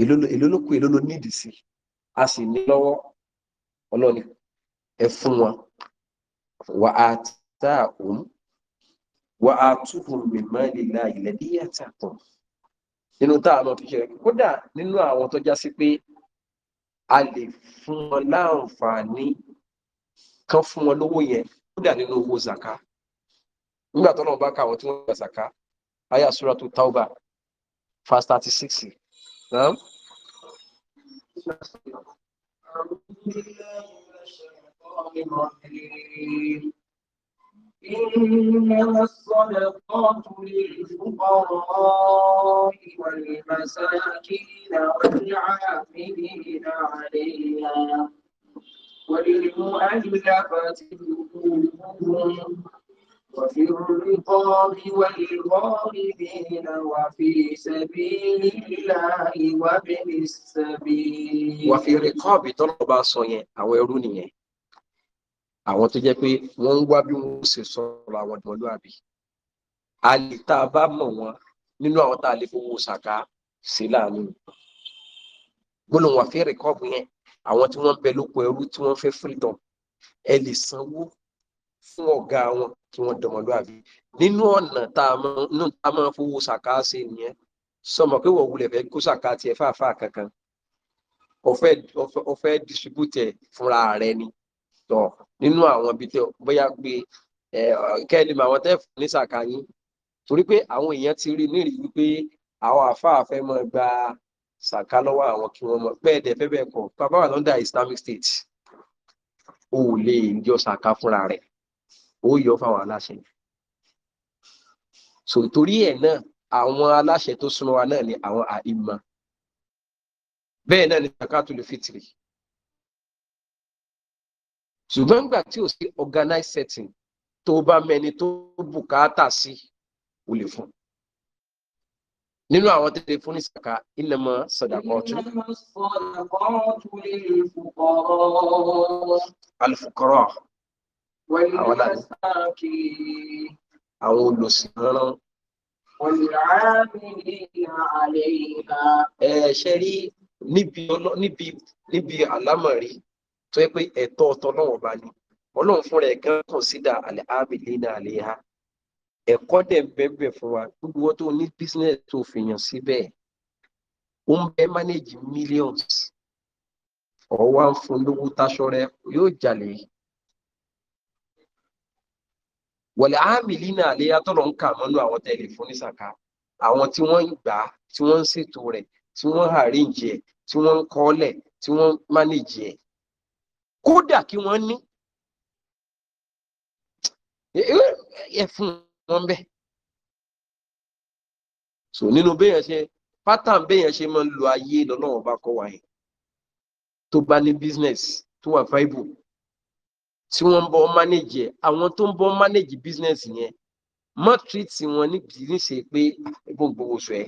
èlò ló kù èlò ló nídìí sí a sì ní lọ́wọ́ ọlọ́ni ẹ fún wọn wà á tá òun wà á túhùn mìíràn lílà ilẹ̀ níyàtà kan nínú tá a lọ fi ṣe kódà nínú àwọn tó já sí pé a lè fún wọn láǹfààní kan fún wọn lówó yẹn kódà nínú owó zaka nígbà tó náà bá kà wọ́n tí wọ́n gba zaka aya sura tó tauba verse thirty six. أعوذ إنما الصدقات للفقراء والمساكين والعاملين عليها وللمؤلفة قلوبهم وفي الرقاب والغاربين وفي سبيل الله وابن السبيل وفي الرقاب tọ́lọ́ba sọ yẹn àwọn àwọn tó jẹ́ pé wọ́n ń wá bí wọ́n ṣe sọ̀rọ̀ àwọn ọmọlúàbí a lè tá a bá mọ̀ wọn nínú àwọn tá a lè fowó ṣàká sí láàánú gbọ́dọ̀ wọn fẹ́ rẹ̀kọ́ọ̀bù yẹn àwọn tí wọ́n ń bẹ lóko ẹrú tí wọ́n fẹ́ freedom ẹ lè sanwó fún ọ̀gá wọn kí wọ́n dọmọlúàbí nínú ọ̀nà tá a máa fowó ṣàká sí nìyẹn sọmọ pé wọ́n wulẹ̀ fẹ́ kó ṣàká tiẹ̀ fáfáà kankan ọ̀fẹ́ distribute fúnra rẹ ni tọ́. So, nínú àwọn ibi tẹ bóyá pé ẹ kẹ́ni mà wọn tẹ́ fún ní sàkáyín torí pé àwọn èèyàn ti rí nírìí wípé àwọn àfáà fẹ́ mọ́ gba sàká lọ́wọ́ àwọn kí wọ́n mọ̀ bẹ́ẹ̀ dẹ̀ bẹ́ẹ̀ kọ̀ bàbá wà lọ́ndà Islamic State o ò lè yọ sàká fúnra rẹ̀ ó yọ fáwọn aláṣẹ so torí ẹ̀ náà àwọn aláṣẹ tó súnmọ́ wa náà ni àwọn àìmọ̀ bẹ́ẹ̀ náà ni sàká tó lè fìtìrì ṣùgbọ́n nígbà tí ò sí organized setting tó bá mẹni tó bùkátà sí ò lè fún nínú àwọn tẹ́lẹ̀ fún ní sàkà ìlẹ̀mọ̀ sọ̀dàkọ̀ ọ̀tún. alifukọrọ àwọn náà àwọn olùsìnrán. ẹ ṣe rí níbi àlámọ̀rí tó yẹ pé ẹ̀tọ́ ọ̀tọ̀ náà ọba ni ọlọ́run fúnra ẹ̀ gan kọ̀nsídà àlẹ́ ábìlẹ̀ náà lè ha ẹ̀kọ́ dẹ̀ bẹ́ẹ̀ fún wa gbogbo wọn tó ní business tó fi yàn síbẹ̀ ó ń bẹ́ manage millions ọ̀wá ń fún lówó taṣọ rẹ yóò jalè wọ̀lẹ̀ ámìlì náà lè yàtọ̀rọ̀ ń kà mọ́nú àwọn tẹ̀lé fún ní sàká àwọn tí wọ́n ń gbà tí wọ́n ń ṣètò rẹ̀ tí wọ́n ń arrange ẹ̀ tí wọ́n ń kọ́lẹ̀ tí wọ́n ń manage ẹ̀ kódà kí wọ́n ní ẹ fún wọn bẹ́ẹ̀ so nínú béèyàn ṣe pátán béèyàn ṣe máa ń lo ayé lọ́nà ọba kọ́ wa yẹn tó bá ní business tó wà fáìbù tí wọ́n ń bọ́ manage àwọn tó ń bọ́ manage business yẹn má treat wọn níbi níṣe pé ẹ̀gbọ́n gbowó ẹ̀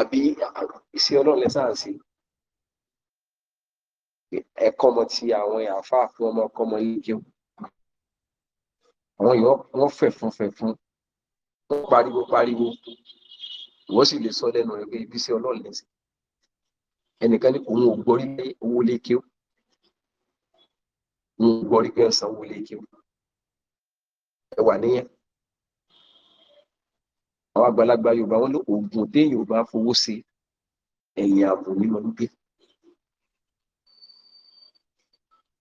àbí iṣẹ́ ọlọ́run lẹ́sàánsì ẹ̀kọ́ ọmọ ti àwọn àfa fún ọmọ ọkọ ọmọ yìí jẹun àwọn èèyàn wọ́n fẹ̀ fún fẹ̀ fún wọ́n pariwo pariwo ìwọ́n sì lè sọ lẹ́nu rẹ̀ pé ibi iṣẹ́ ọlọ́run lẹ́sìn ẹnìkan ní òun ò gbọ́rí pé owó lè kí ó òun ò gbọ́rí pé ọ̀sán owó lè kí ó ẹwà níyẹn àwọn àgbàlagbà yorùbá wọn ní oògùn téèyàn ò bá fowó ṣe ẹ̀yìn ààbò ní mọlúgbé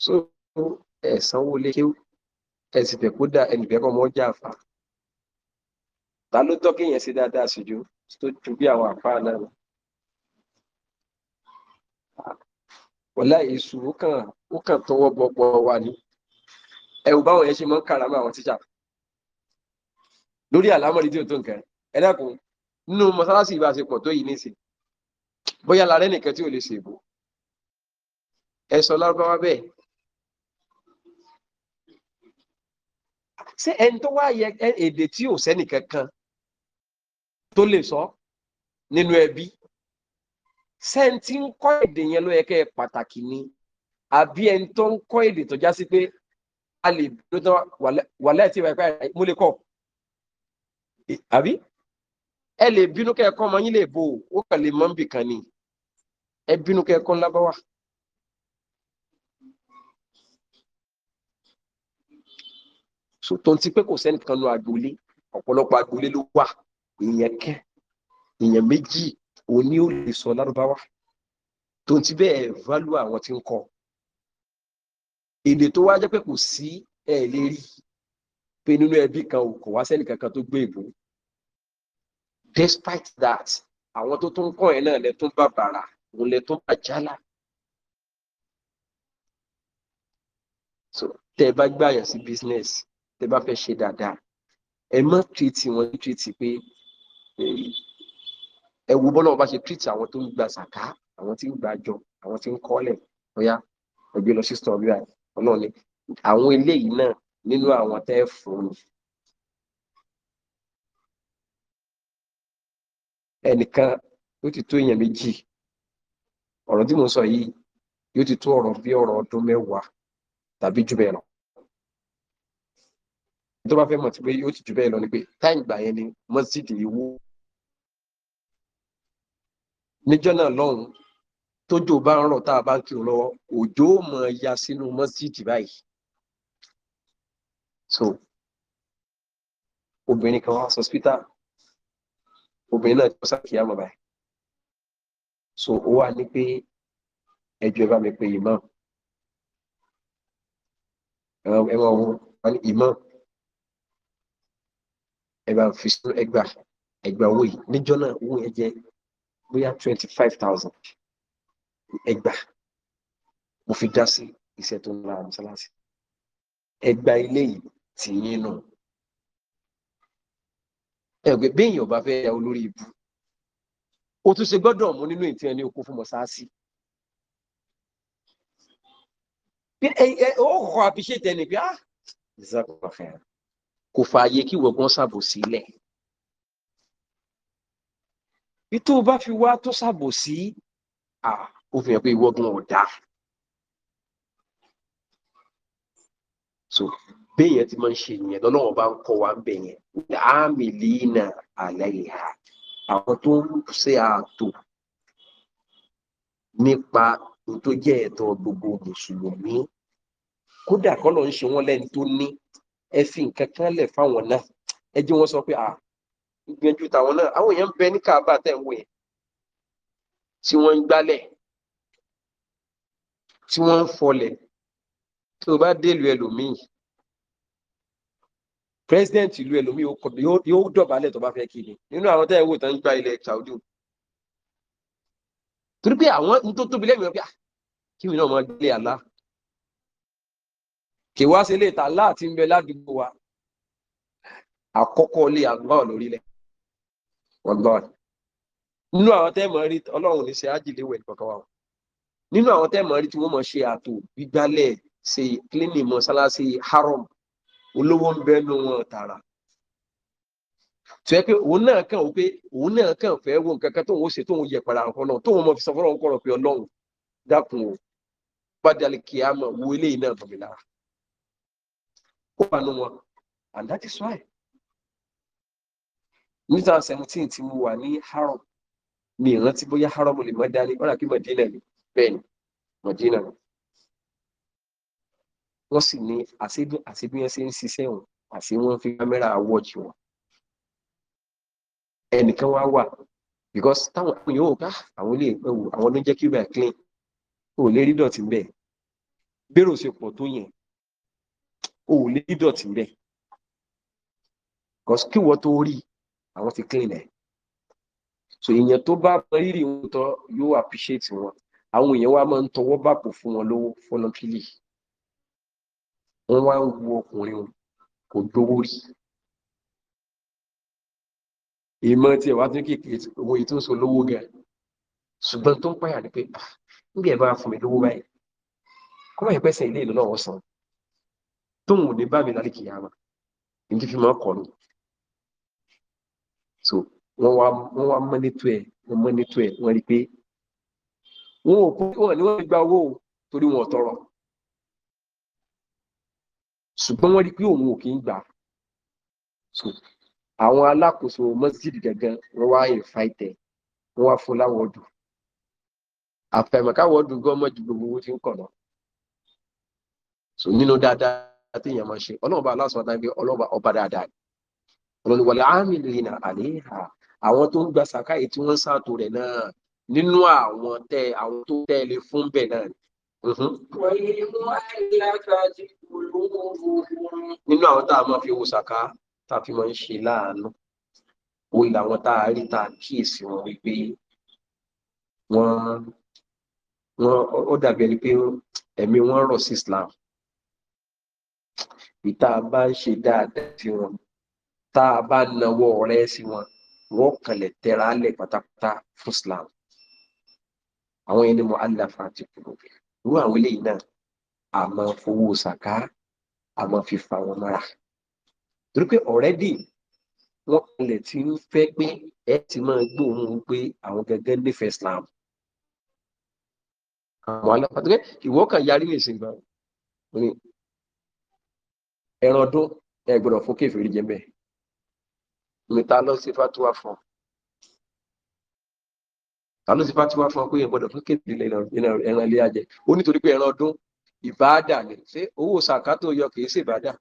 so ẹ sanwó lé kéwú ẹ sì fẹ́ kó dà ẹnì fẹkọ ọmọ ọjà àfà ta ló tọ́ kéèyàn ṣe dáadáa sí ju tó ju bí àwọn àfáà náà lọ. wọ́lá èṣù ó kàn ó kàn tọwọ́ bọ̀pọ̀ wà ní ẹ̀wù báwọn yẹn ṣe máa ń káràmọ́ àwọn tíṣà lórí àlámọ́rí tí ò tó nǹkan ẹ dákun nínú mọ́sálásí ìbáṣepọ̀ tó yìí nísìn bóyá lára ẹnìkan tí ò lè ṣèbò ẹ sọ lárúbáwá bẹ́ẹ̀ ṣé ẹni tó wá yẹ èdè tí ò sẹ́nì kankan tó lè sọ nínú ẹbí sẹ́ni tí ń kọ́ èdè yẹn ló yẹ kẹ́ ẹ pàtàkì ni àbí ẹni tó ń kọ́ èdè tó já sí pé a lè bí ló tán wàlẹ́ àti ìwà ìpáyà mo lè kọ́ àbí ẹ lè bínú kẹ́ẹ̀kọ́ ọmọ yín lè bò ó kàn lè mọ́ níbì kan ni ẹ bínú kẹ́ẹ̀kọ́ ńlá bá wà. so tó ń ti pé kò sẹ́nìkan nu agboolé ọ̀pọ̀lọpọ̀ agboolé ló wà èèyàn kẹ́ èèyàn méjì òní ò lè sọ lárúbáwá tó ń ti bẹ́ẹ̀ value àwọn tí ń kọ èdè tó wá pé kò sí ẹ̀ lérí pé nínú ẹbí kan kò wá sẹ́nìkan kan tó gbé ìbò despite that àwọn tó tún kọ́ ẹ̀ náà lẹ tún bá bàrà òun lẹ tún bá jálà. so tẹ ẹ bá gbàyàn sí business tẹ bá fẹ́ ṣe dáadáa ẹ má tìrìtì wọn ní tìrìtì pé ẹ wo bọ́lá wọn bá ṣe tìrìtì àwọn tó ń gba sàká àwọn tí ń gba jọ àwọn tí ń kọ́lẹ̀ ọ̀yá ẹgbẹ́ lọ sí store bí i àwọn eléyìí náà nínú àwọn tẹ́ fún mi ẹnìkan ó ti tó èèyàn méjì ọ̀rọ̀ tí mo sọ yìí yóò ti tó ọ̀rọ̀ bí ọ̀rọ̀ ọdún mẹ́wàá tàbí jù bẹ́ẹ̀ lọ tó bá fẹ́ mọ̀ tí pé yóò ti jù bẹ́ẹ̀ lọ ni pé táyìn gbà yẹn ni mọ́sídìí ewu níjọ́ náà lọ́hùn tójò bá ń rọ̀ tá a bá ń kírun lọ́wọ́ òjò ó mọ̀ ya sínú mọ́sídìí báyìí so obìnrin kan wá sọ hospital obìnrin náà tó sàkíyàmọ̀ báyìí so ó wà ní pé ẹjọ́ ẹ bá mi pe imam ẹwọ ọhún wà ní imam ẹ bá fi sínú ẹgbà ẹgbà owó yìí níjọ́ náà owó yẹn jẹ́ bóyá twenty five thousand ẹgbà mo fi dá sí iṣẹ́ tó ń ra mọ́sálásí ẹgbà ilé yìí tì yín nù. No ẹgbẹ́ béèyàn bá fẹ́ yà olórí ibu o tún ṣe gbọ́dọ̀ mú nínú ìtì ẹni oko fún mọ́sáàsì ó kọ àbíṣètì ẹni pé ah kò fààyè kí wọ́gbọ́n ṣàbò sílẹ̀ ìtò bá fi wá tó ṣàbò sí ó fi hàn pé ìwọ́gbọ́n ò dáa béèyàn ti máa ń ṣe nìyẹn lọ́lọ́wọ́ bá ń kọ́ wa ń bẹ̀ yẹn àmì lìínà àlẹ́ ìhà àwọn tó ń ṣe ààtò nípa tó jẹ́ ẹ̀tọ́ gbogbo mùsùlùmí kódà kọ́ ló ń ṣe wọ́n lẹ́ni tó ní ẹ fi nǹkan lẹ̀ fáwọn náà ẹ wọ́n sọ pé à gbìyànjú tàwọn náà àwọn èèyàn ń bẹ ní káàbà tẹ̀ ń yẹn tí wọ́n ń gbálẹ̀ tí wọ́n ń fọlẹ̀ tó bá délùú ẹlòmíì president ìlú ẹlòmíì yóò dọ̀bálẹ̀ tó bá fẹ́ kí n'inu nínú àwọn tẹ́ ẹ wò tán gba ilẹ̀ saudi torí pé àwọn tó tóbi lẹ́mìí wọn pé ah, kí mi náà máa gbélé àlá kì wá sí ilé ìta láti ń bẹ ládùúgbò wa àkọ́kọ́ ilé àgbà lórílẹ̀ wọn gbọ́ nínú àwọn tẹ́ rí ọlọ́run ní kankan wa nínú àwọn tẹ́ rí tí wọ́n ṣe ààtò gbígbálẹ̀ olówó ń bẹ nínú wọn tààrà tó yẹ pé òun náà kàn ó pé òun náà kàn fẹ́ wo nǹkan kan tóun ó ṣe tóun yẹpẹrẹ àwọn náà tóun mọ fi sọ fọlọ́run pé ọlọ́run dákun o gbádàlì kìámọ̀ wo eléyìí náà tọ̀mí ó wà nínú wọn and that is why nígbà seventeen tí mo wà ní haram mi ìrántí bóyá haram lè mọ dání ọ̀rà kí Madina ni bẹ́ẹ̀ ni Madina ni wọ́n sì ní àti bí wọ́n ṣe ń ṣiṣẹ́ wọn àti wọ́n fi kámẹ́rà wọ́ọ̀jì wọn. ẹnìkan wá wà because táwọn àwọn yòówù ká àwọn ilé ìpẹ́ wò àwọn ló ń jẹ́ kí ibà clean o lè rí dọ̀tí bẹ́ẹ̀ bẹ́rù ṣe pọ̀ tó yẹn o lè rí dọ̀tí bẹ́ẹ̀ because kí wọ́n tó rí àwọn ti clean ẹ̀ so èèyàn tó bá rírì wọn tán yóò appreciate wọn àwọn èèyàn wa máa ń tọwọ́ bàpò fún wọn lówó fọlọ́kìlì wọn wá ń ọkùnrin o kò gbowó rí ìmọ̀ tí ẹ̀ wá tún kéèké owó yìí tó ń so lówó gan ṣùgbọ́n tó ń pààyà ni pé ah, níbi ẹ̀ bá fún mi lówó báyìí kó má yẹ pẹ́sẹ̀ ilé ìlú náà wọ́n san tóun ò ní bá mi lálẹ́ kìyàmà ní fi máa kọ̀ nù so wọ́n wá wọ́n wá mọ́ nítú ẹ̀ wọ́n mọ́ nítú ẹ̀ wọ́n rí pé wọn ò kú wọn ni wọ́n gba owó torí wọn ò tọrọ ṣùgbọ́n wọ́n rí pé òun ò kí ń gbà àwọn alákòóso mọ́sídìí gangan wọ́n wá ìfàìtẹ̀ wọ́n wá fún láwọn ọdún àfẹ̀mọ̀káwọ̀ ọdún gọ́mọ̀ ju gbogbo owó tí ń kọ̀ lọ. sọ nínú dáadáa tí èèyàn máa ṣe ọlọ́run bá aláṣọ àdáńgbé ọlọ́run ọba dáadáa ni ọlọ́run wọlé àmì lìnà àléhà àwọn tó ń gba sàkáyé tí wọ́n ń sàtò rẹ̀ náà nínú àwọn tẹ́ àwọn tó tẹ́ lé fún bẹ̀ náà ni. Nínú àwọn tá a máa fi owó sàká tá a fi máa ń ṣe láàánú, wo ìlàwọn tá a rí tá a kíyèsí wọn wípé wọ́n ó dàbí ẹni pé ẹ̀mí wọn rọ̀ sí Islam. Ìta bá ń ṣe dáadáa sí wọn, tá a bá nawọ́ ọ̀rẹ́ sí wọn, wọ́n kànlẹ̀ tẹra lẹ̀ pátápátá fún Islam. Àwọn ẹni mọ̀ Allah fa ti kúrò bẹ́ẹ̀ irú àwọn eléyìí náà a máa fowó ṣàká a máa fi fa wọn mọ́ra torí pé ọ̀rẹ́dì wọn kalẹ̀ ti ń fẹ́ pé ẹ ti máa gbóhùn pé àwọn gẹ́gẹ́ nífẹ̀ẹ́ Islam àwọn alápàtàkì ìwọ kan yarí lè ṣe gbọ́n ní ẹran ọdún ẹ gbọ́dọ̀ fún kèfèrí jẹ́ bẹ́ẹ̀ mi ta lọ sí fatuwa fún un ta ló ti bá ti wá fún ọ pé èèyàn gbọ́dọ̀ fún kéde ẹran ilé ajẹ ó nítorí pé ẹran ọdún ìbáàdà ni ṣé owó sàká tó yọ kìí ṣe ìbáàdà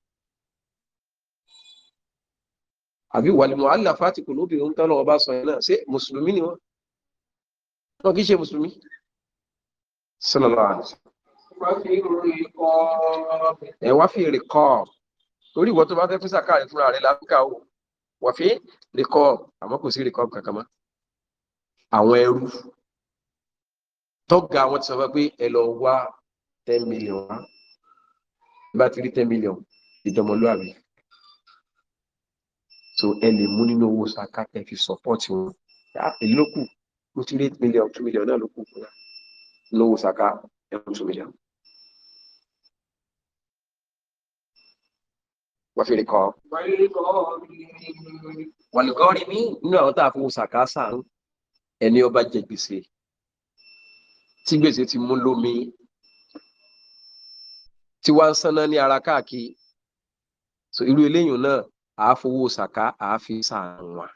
àbí wàlìmọ̀ aláfàtì kò lóbi ohun tọ́lọ́wọ́ bá sọ yẹn náà ṣé mùsùlùmí ni wọ́n wọn kìí ṣe mùsùlùmí sọlọ́lá ẹ wá fi rìkọ́ torí ìwọ tó bá fẹ́ fún sàká fúnra rẹ láfíkà o wà fi rìkọ́ àmọ́ kò sí rìkọ́ kankan mọ́ àwọn ẹrú tọ́gà wọn ti sọ pé ẹ lọ wá ten million wá bá ti rí ten million ìdọmọlúwàbí so ẹ lè mú nínú owó saka ẹ fi support wọn èyí ló kù ó ti rí eight million two million náà ló fún wa lówó saka ẹ mú two million. wọ́n fi lè kọ́. wọ́n lè kọ́ rí mí nínú àwọn tá a fowó saka sáà ẹni ọba jẹ gbèsè tí gbèsè ti mú lómi tí wá ń sanná ní ara káàkiri so irú eléyìí náà àá fowó ṣàká àá fi ṣàwọn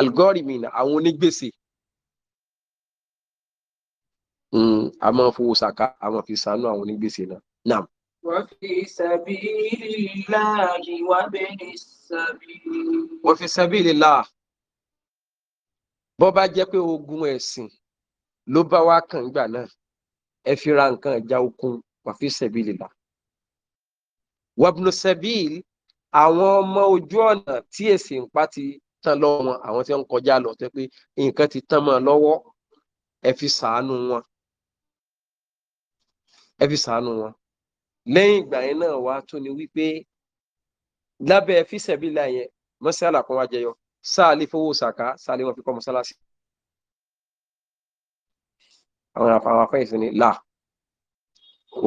algorithm àwọn onígbèsè hmm, a máa fowó ṣàká àwọn fi ṣàánú àwọn onígbèsè náà náà. وفي سبيل الله وابن السبيل وفي سبيل الله bó bá jẹ́ pé ogun ẹ̀sìn ló bá wá kàn gbà náà ẹ fi ra nǹkan ìjà okun wàfi sabilillah wabnu sabil àwọn ọmọ ojú ọ̀nà tí ẹ̀sìn ń pa ti tán lọ́wọ́ wọn àwọn tí wọ́n ń kọjá lọ tẹ́ pé nǹkan ti tán mọ́ ọ lọ́wọ́ ẹ fi sàánú wọn ẹ fi sàánú wọn lẹ́yìn ìgbà yẹn náà wàá tún ni wípé lábẹ́ fi sabilillah yẹn mọ́sálà kan wá jẹyọ Sali lè saka, sali sáà lè wọ́n fi kọ́ mọ́sálásí àwọn àfàwọn afẹ́yìntì ni là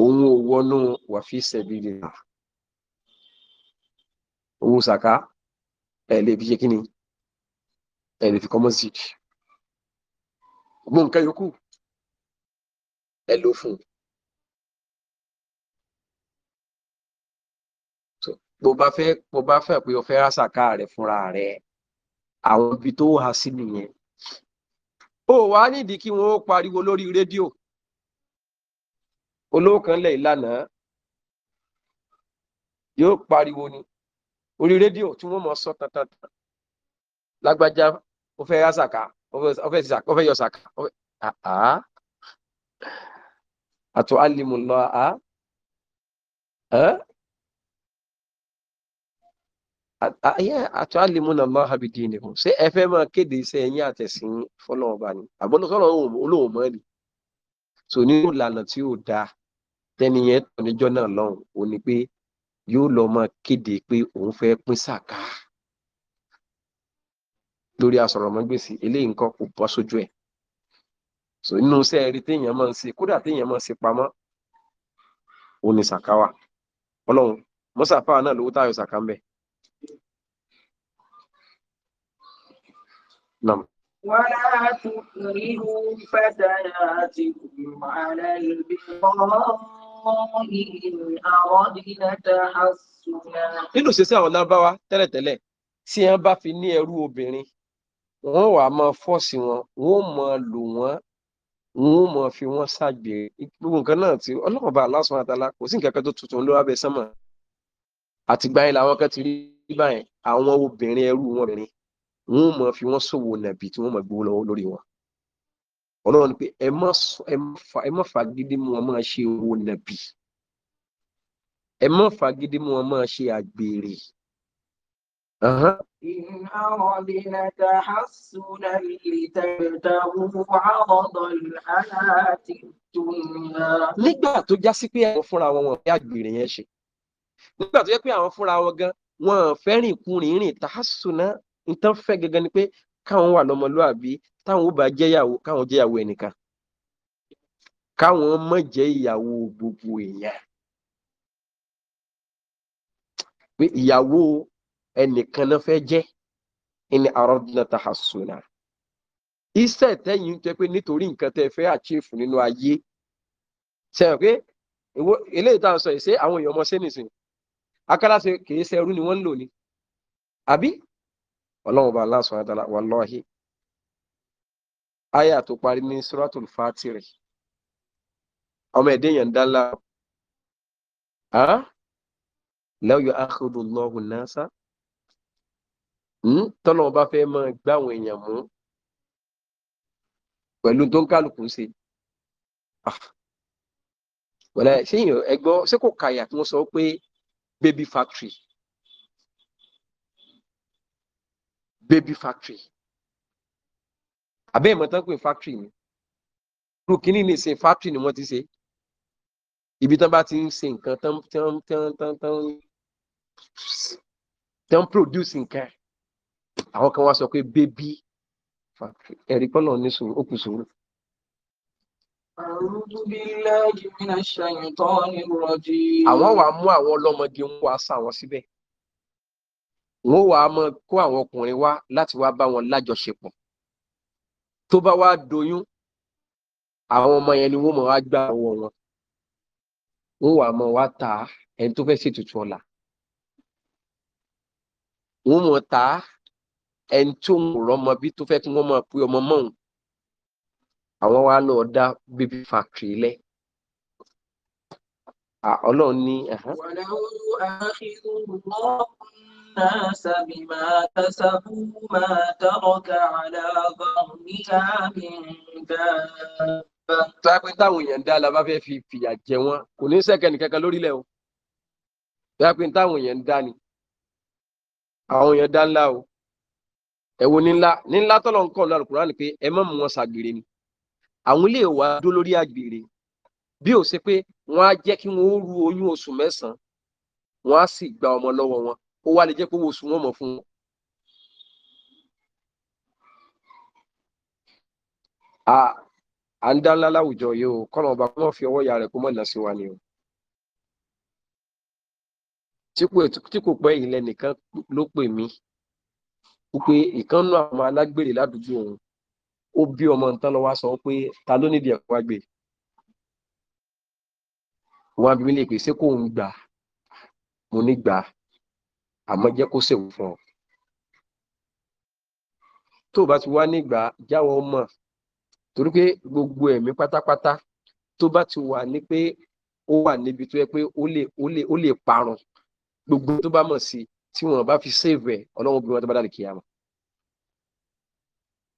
òun ò wọnú wàfíìsẹ̀ bíi là owó sàká ẹ̀ lè fi ṣe kí ni ẹ̀ lè fi kọ́ mọ́sídìí gbogbo nǹkan yòókù ẹ lò fún un bó bá fẹ́ bó bá fẹ́ pé o fẹ́ rásàká rẹ̀ fúnra rẹ̀ àwọn ibi tó wà sí nìyẹn ó wá nídìí kí wọn ó pariwo lórí rédíò olóòkànlẹ̀ ìlànà yóò pariwo ni orí rédíò tí wọ́n mọ̀ sọ tantantan lágbájá ó fẹ́ yá sàkà ó fẹ́ sàkà ó fẹ́ yọ sàkà àtọ alimu lọ àá ayé àtúwálìmúnà máa hábi dín nìkan ṣé ẹ máa kéde iṣẹ́ ẹ̀yìn àtẹ̀sìn fọlọ́ọ̀bá ni àbọ̀lọ́sọ̀rọ̀ olóhùn mọ́ ni so nínú ìlànà tí ó dáa tẹniyẹn tó níjọ́ náà lọ́hùn ó ní pé yóò lọ máa kéde pé òun fẹ́ pín sàká lórí asọ̀rọ̀mọ́gbèsì eléyìí nǹkan kò bọ́ sójú ẹ̀ so nínú iṣẹ́ rí téèyàn máa ń ṣe kódà téèyàn máa ń ṣe pamọ́ òun ni sàká wà ọlọ́run mọ́sàfáà náà lówó táyọ̀ sàká ń bẹ̀ نعم ولا تكرهوا فتياتكم على البغاء إن أردنا تحصنا nínú ìṣesí àwọn lábáwá tẹ́lẹ̀tẹ́lẹ̀ tí wọ́n bá fi ní ẹrú obìnrin wọ́n wà á máa fọ́ọ̀sì wọn wọ́n máa lò wọ́n wọ́n máa fi wọ́n ṣàgbèrè gbogbo nǹkan náà tí ọlọ́run bá aláṣọ àtàlà kò sí nǹkan kan tó tuntun ló wá bẹ sánmọ̀ àtìgbà yẹn làwọn kan ti rí báyẹn àwọn obìnrin ẹrú wọn obìnrin wọ́n mọ̀ fi wọ́n ṣòwò nàbì tí wọ́n mọ̀ gbowó lọ́wọ́ lórí wọn ọlọ́run pé ẹ má fa ẹ má fa gidi mu wọn máa ṣe owó nàbì ẹ má fa gidi mu wọn máa ṣe àgbèrè. إن أردنا تحسنا لتبتغوا عرض الحياة الدنيا. Nígbà tó já sí pé àwọn fúnra wọn wọ́n fi àgbèrè yẹn ṣe. Nígbà tó yẹ pé àwọn fúnra wọn gan wọn fẹ́rìn kùnrin rìn tàhásùnà nǹkan fẹ́ gẹ́gẹ́ ni pé káwọn wà lọ́mọlúàbí táwọn ó bá jẹ́yàwó káwọn jẹ́yàwó ẹnìkan káwọn má jẹ́ ìyàwó gbogbo èèyàn pé ìyàwó ẹnìkan náà fẹ́ jẹ́ ẹni àrọ́dúnà tàhásùnà iṣẹ́ tẹ́yìn ń tẹ́ pé nítorí nǹkan tẹ́ fẹ́ àchífù nínú ayé sẹ́yìn pé eléyìí tá à sọ yìí ṣé àwọn èèyàn ọmọ ṣé nìsín kìí ṣe ẹrú ni wọ́n ń lò ní àbí ọlọ́run bá aláṣọ àdàlà wà lọ́hìn àyà tó parí ní suratul fatiri ọmọ ẹ̀dẹ́ yẹn ń dá ńlá law yu'akhidhu Allahu an-nasa hm? tọ́nà ọba fẹ́ máa gbá àwọn èèyàn mú pẹ̀lú tó ń kálukú ṣe wọ́n ṣe ẹgbọ́ ṣé kò kàyà kí wọ́n sọ pé baby factory baby factory àbẹ́ ìmọ̀tán pé factory ni irú kínní ní ìsìn factory ni wọ́n ti ṣe ibi tán bá ti ń ṣe nǹkan tán tán tán tán tán tán produce nǹkan àwọn kan wá sọ pé baby factory ẹ̀rí pọ́nlọ̀ ní sùúrù ó kù sùúrù. àwọn wàá mú àwọn ọlọ́mọge ń wá sá wọn síbẹ̀ wọ́n wàá mọ kó àwọn ọkùnrin wá láti wá bá wọn lájọṣepọ̀ tó bá wá doyún àwọn ọmọ yẹn ni wọ́n mọ̀ wá gbà ọwọ́ wọn wọ́n wàá mọ wá ta ẹni tó fẹ́ ṣètùtù ọ̀la wọ́n mọ̀ ta ẹni tó ń rọ́mọ bí tó fẹ́ kí wọ́n mọ̀ pé ọmọ mọ́hún àwọn wa lọ dá bíbí fàkìrì lẹ Ọlọ́run ní. wàlẹ́ wo àárín ọ̀hún. الناس بما كسبوا ما ترك على ظهرها من دابة tó a pé táwọn في في la bá fẹ́ fi fìyà jẹ wọn kò ní sẹ́kẹ̀ nìkankan lórílẹ̀ o tó a pé táwọn èèyàn dá ni àwọn èèyàn dá ńlá o ẹ wo nílá nílá tọ́lọ̀ ń kọ́ ọ̀nà Al-Kùránì pé ẹ má wọn ṣàgbèrè ni àwọn ilé wa dó lórí àgbèrè bí ó ṣe pé wọ́n á jẹ́ kí wọ́n ó ru oyún oṣù mẹ́sàn-án wọ́n á sì gba ọmọ lọ́wọ́ wọn ó wá lè jẹ́ pé owó oṣù wọn mọ̀ fún wọn. à ń dá ńlá láwùjọ yìí o kọ́nà ọba kọ́nà fi ọwọ́ ìyá rẹ̀ kó mọ̀ nà sí wa ni o. tí kò pẹ́ ilẹ̀ nìkan ló pè mí wípé ìkànnù àwọn alágbèrè ládùúgbò òun ó bí ọmọ nǹkan lọ sọ pé ta ló nídìí ẹ̀kọ́ wá gbé wọn bí lè pèsè kóun gbà mo ní gbà àmọ́ jẹ́ kó ṣèwọ fún ọ tó o bá ti wá nígbà jáwọ́ mọ̀ torí pé gbogbo ẹ̀mí pátápátá tó bá ti wà ní pé ó wà níbi tó yẹ pé ó lè ó lè ó lè parun gbogbo tó bá mọ̀ sí tí wọn bá fi ṣèwẹ̀ ọlọ́run obìnrin wọn tó bá dàrí kìyàmọ́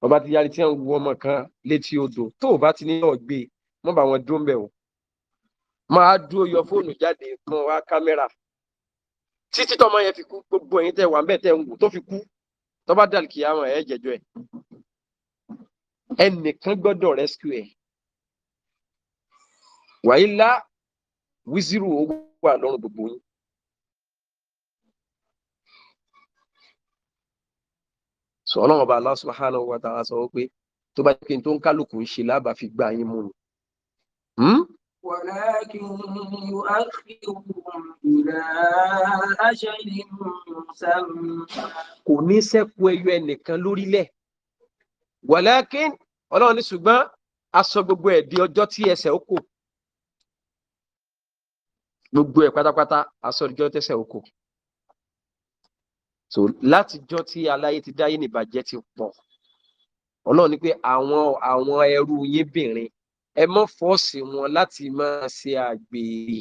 ọba ti yarí tí wọn wọ ọmọ kan létí odò tó o bá ti ní ọgbẹ mọ bá wọn dúró mbẹ o máa dúró yọ fóònù jáde mọ wá kámẹ́rà títí tọmọ yẹn fi kú gbogbo ẹ̀yin tẹ́ wà ń bẹ̀ tẹ́ ń wò tó fi kú tó bá dàlù ẹ jẹjọ ẹ ẹnìkan gbọ́dọ̀ rescue ẹ wàhálà wíṣírù owó wà lọ́rùn gbogbo yín. sọ ọba Allah subhanahu wa ta'ala sọ wípé tó bá jẹ́ kí n tó ń kálukú ń ṣe lábàá fi gbá yín mú ni. Hmm? ولكن يؤخرهم إلى أجل مسمى kò ní ṣẹ́kù ẹyọ ẹnìkan lórílẹ̀ wọ̀lẹ́kìn ọlọ́run ní ṣùgbọ́n aṣọ gbogbo ẹ̀ di ọjọ́ tí ẹsẹ̀ ó kò gbogbo ẹ̀ pátápátá aṣọ ìjọ́ tẹ̀sẹ̀ ó kò so látijọ́ tí aláyé ti dáyé nìbàjẹ́ ti pọ̀ ọlọ́run ní pé àwọn àwọn ẹrú yín bìnrin ẹ mọ́ fọ́ọ̀sì wọn láti máa ṣe àgbèrè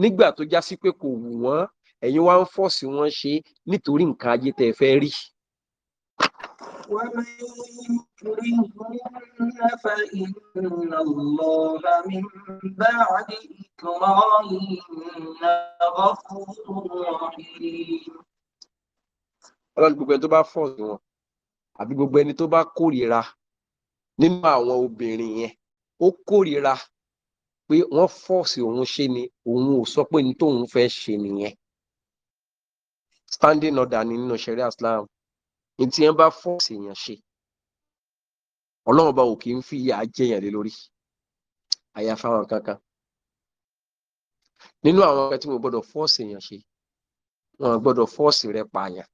nígbà tó já sí pé kò wù wọ́n ẹ̀yin wá ń fọ́ọ̀sì wọn ṣe nítorí nǹkan ayé tẹ́ ẹ fẹ́ rí. ومن يكرهن gbogbo ẹni tó bá fọ́ọ̀sì wọn àbí gbogbo ẹni tó bá kórìíra nínú àwọn obìnrin yẹn ó kórìíra pé wọ́n fọ́ọ̀sì òun ṣe ni òun ò sọ pé ní tóun fẹ́ ṣe nìyẹn standing order ni nínú ṣẹ̀ríà Islam ní tí wọ́n bá fọ́ọ̀sì èèyàn ṣe ọlọ́run bá ò kì í fi ìyà jẹyàn lé lórí àyàfi àwọn kankan nínú àwọn ọkọ tí mo gbọ́dọ̀ fọ́ọ̀sì èèyàn ṣe wọ́n gbọ́dọ̀ fọ́ọ̀sì rẹ pààyàn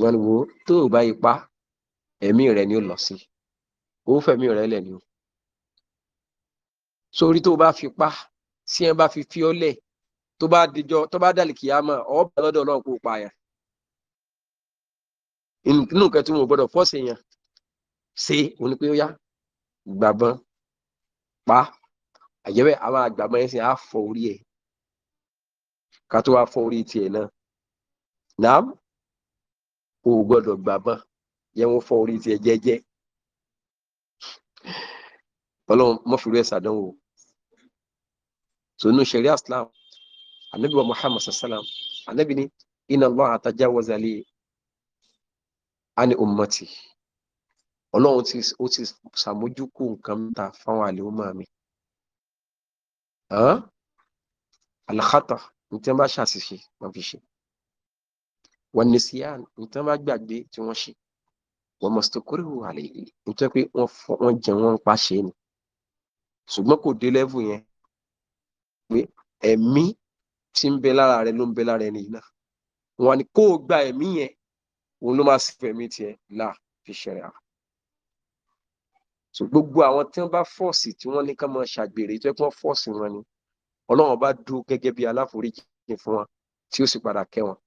wọ́n wo tó o bá ipá ẹ̀mí rẹ ni ó lọ sí i ó fẹ̀mí rẹ̀ lẹ̀ ni o sórí tó bá fi pa tí ẹ bá fi fi ọ́ lẹ̀ tó bá dijọ́ tó bá dàlí kìyàmọ̀ ọ́ bá lọ́dọ̀ ọlọ́run kó pa yẹn inú nǹkan tí wọn ò gbọ́dọ̀ ṣe òun ni pé ó yá gbàbọn pa àyẹ̀wò àwọn àgbàbọn yẹn sì á fọ orí ẹ̀ ká tó wá fọ orí tiẹ̀ náà nàám kò gbọ́dọ̀ gbàbọn yẹn wọ́n fọ orí tiẹ̀ jẹ́jẹ́ ọlọ́run mọ́fìrí ẹ̀ sàdánwò tòun ṣẹ̀rí islam anabi wa muhammad sallam anabi ni inna allah atajawaza li ani ummati ọlọ́run ti ó ti sàmójúkú nǹkan mẹ́ta fáwọn àlèhùnmá mi alakata ní tí wọ́n bá ṣàṣìṣe wọ́n fi ṣe wọ́n ní síyàn ní bá gbàgbé tí wọ́n ṣe wọ́n mọ̀ sí tó kórè wù àlè yìí ní pé wọ́n jẹun wọn pa ṣe ni ṣùgbọ́n kò dé level yẹn pé ẹ̀mí tí ń bẹ lára rẹ ló ń bẹ lára ẹni yìí náà wọn ni kó o gba ẹ̀mí yẹn òun ló máa sì fẹ̀mí tiẹ̀ là fi ṣẹlẹ̀ à. so gbogbo àwọn tí wọ́n bá fọ́ọ̀sì tí wọ́n ní ká máa ṣàgbèrè tó wọ́n fọ́ọ̀sì wọn ni ọlọ́run bá dúró gẹ́gẹ́ bí aláforíjì fún wọn tí ó sì padà kẹ́ wọn.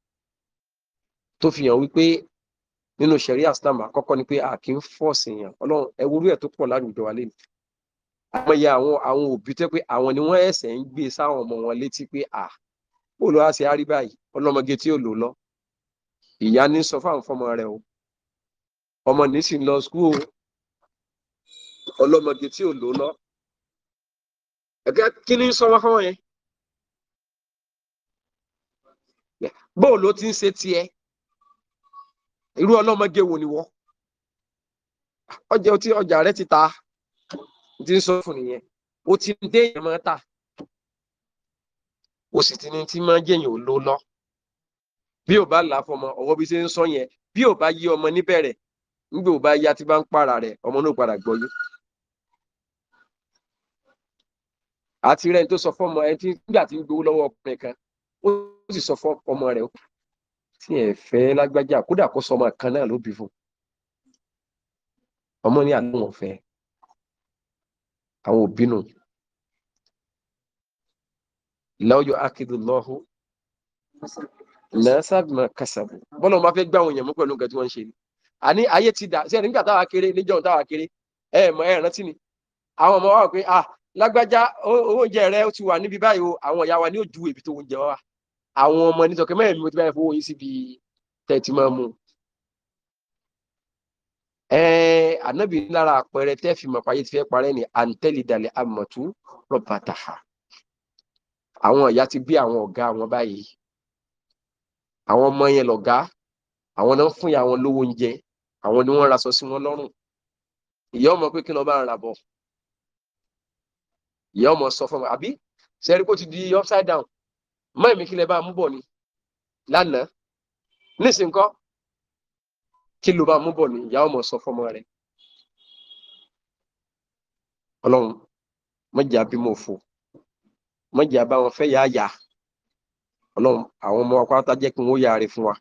tó fi hàn wípé nínú ṣẹ̀rí àsìlámù àkọ́kọ́ ni pé a kì í fọ́ọ̀sì yàn ọlọ́run ẹ àmọ́ iye àwọn àwọn òbí tẹ́ pé àwọn ni wọ́n ẹ̀sẹ̀ ń gbé sáwọn ọmọ wọn létí pé à bó ló wá sí àrí báyìí ọlọ́mọge tí ò lò lọ ìyá ní sọ fáwọn fọmọ rẹ o ọmọ ní sì ń lọ skúù ọlọ́mọge tí ò lò lọ ẹ̀gẹ́ kí ni sọ wọ́n fọmọ yẹn bó ló ti ń ṣe tiẹ̀ irú ọlọ́mọge wo ni wọ́ ọjà rẹ ti ta n ti ń sọ fún nìyẹn ó ti ń dé èèyàn máa tà ó sì ti ní tí máa jẹyìn ò ló lọ bí ò bá là á fọmọ ọwọ́ bí ṣe ń sọ yẹn bí ò bá yí ọmọ níbẹ̀rẹ̀ nígbà ò bá yá tí bá ń para rẹ̀ ọmọ náà padà gbọ́yé. àti rẹ̀ ń tó sọ fọ́mọ ẹ tí nígbà tí ń gbowó lọ́wọ́ ọkùnrin kan ó sì sọ fọ́ ọmọ rẹ̀ tí ẹ̀ fẹ́ lágbájá kódà kó sọmọ kan náà ló bí fún ọmọ ní àlọ́ wọn fẹ́ẹ́ àwọn òbí nù láwùjọ akidullahu lẹ́sàbìmọ̀ kẹsàbù bọ́lá máa fẹ́ gbá àwọn èèyàn mú pẹ̀lú nǹkan tí wọ́n ń ṣe ni a ní ayé ti dà sí ẹni nígbà táwa kéré níjọ́ táwa kéré ẹ mọ̀ ẹ rántí ni àwọn ọmọ wa wà pé ah lágbájá oúnjẹ rẹ ó ti wà níbi báyìí o àwọn ìyá wa ní òjú èbí tó oúnjẹ wa àwọn ọmọ nítorí mẹ́rin mi ti báyìí fowó yín síbi tẹ̀tí máa mú ẹ̀ẹ́n ànábì lára àpẹẹrẹ tẹ́ fi mọ̀ payé ti fẹ́ parẹ́ ni àǹtẹ́lìdàlẹ̀ àmọ̀tú rọ̀bàtàhà àwọn ìyá ti bí àwọn ọ̀gá wọn báyìí àwọn ọmọ yẹn lọ̀gá àwọn náà fún ìyá wọn lówó oúnjẹ àwọn ni wọ́n raṣọ sí wọn lọ́rùn ìyá ọmọ pé kí ló bá ń rabọ̀ ìyá ọmọ sọ fún mi àbí sẹ́rí kó ti di upside down mọ́ ìmí kí lẹ bá mú bọ̀ ni lánàá nísìnyí kí ló bá mú bọ̀ ni ìyá ọmọ sọ fọmọ rẹ̀ ọlọ́run mọ̀jà bí mo fò mọ̀jà bá wọn fẹ́ yá yá ọlọ́run àwọn ọmọ apáta jẹ́ kí wọ́n yára fún wa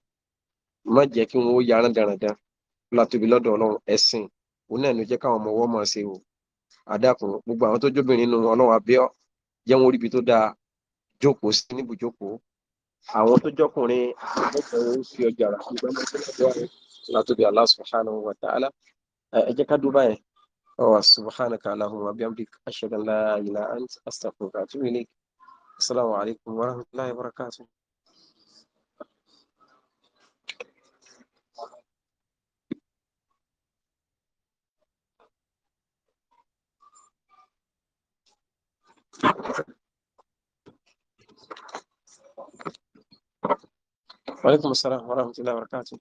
má jẹ́ kí wọ́n yára dandan látòbí lọ́dọ̀ ọlọ́run ẹ̀sìn òun náà ló jẹ́ káwọn ọmọ wọ́n máa ṣe o àdàkùn gbogbo àwọn tó jóbìnrin nínú ọlọ́run abẹ́ jẹ́ wọn oríbi tó dáa jókòó sí níbùjókòó àwọn tó jọkùnrin mẹ́tẹ̀ẹ̀rẹ̀ ń fi ọjà rà nígbà mọ́tò lọ́dọ̀ rẹ̀. لاتوبي الله سبحانه وتعالى أه، اجاك دبي او سبحانك اللهم وبحمدك اشهد ان لا اله الا انت استغفرك واتوب اليك السلام عليكم ورحمه الله وبركاته وعليكم السلام ورحمة الله وبركاته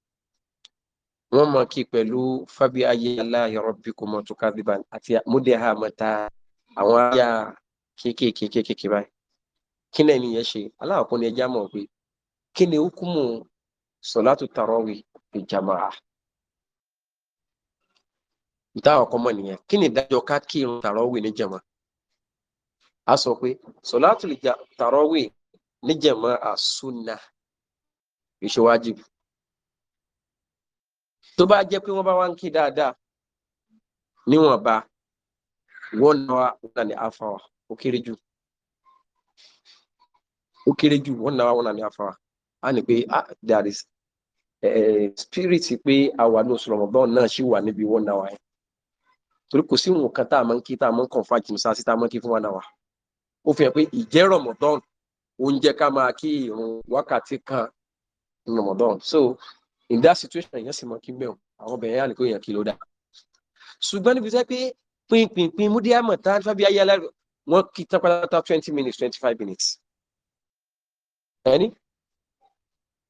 wọ́n mọ̀ kí pẹ̀lú fábí ayé aláyọ̀rọ̀ bí kò mọ̀ tó ká bíbá àti múdẹ́hà mọ́ta àwọn ayá kéékèèké kéékèèké báyìí kí náà nìyẹn ṣe aláàkó ni ẹja mọ̀ pé kí ni hukumu sọ̀látù tàrọ̀wì ìjàmáà ìtàwọn ọkọ mọ̀ nìyẹn kí ni ìdájọ́ ká kírun tàrọ̀wì níjàmá a sọ pé sọ̀látù tàrọ̀wì níjàmá àsúnà ìṣòwájú tó bá jẹ́ pé wọ́n bá wá ń kí dáadáa níwọ̀nba wọ́n náà wá wọ́n náà ní àfàwà ó kéré jù ó kéré jù wọ́n náà wọ́n náà ní àfàwà á ní pé ah is eh, eh, spirit pé àwa ní oṣù Ramadan náà ṣì wà níbi wọ́n náà wá yẹn torí kò sí nǹkan tá a máa ń kí tá a máa ń kàn fún sí tá a máa ń kí fún wọ́n náà wá ó fi hàn pé ìjẹ́ Ramadan oúnjẹ ká máa kí ìrun wákàtí kan Ramadan so in that situation èèyàn sì mọ kí n bẹ̀rù àwọn ọbẹ̀ yẹn àníkó èèyàn kí ló dá ṣùgbọ́n níbi sẹ́ pé pínpínpín múdíàmọ̀ tá fábí ayélujára wọ́n kí tán pátá twenty minutes twenty five minutes ẹni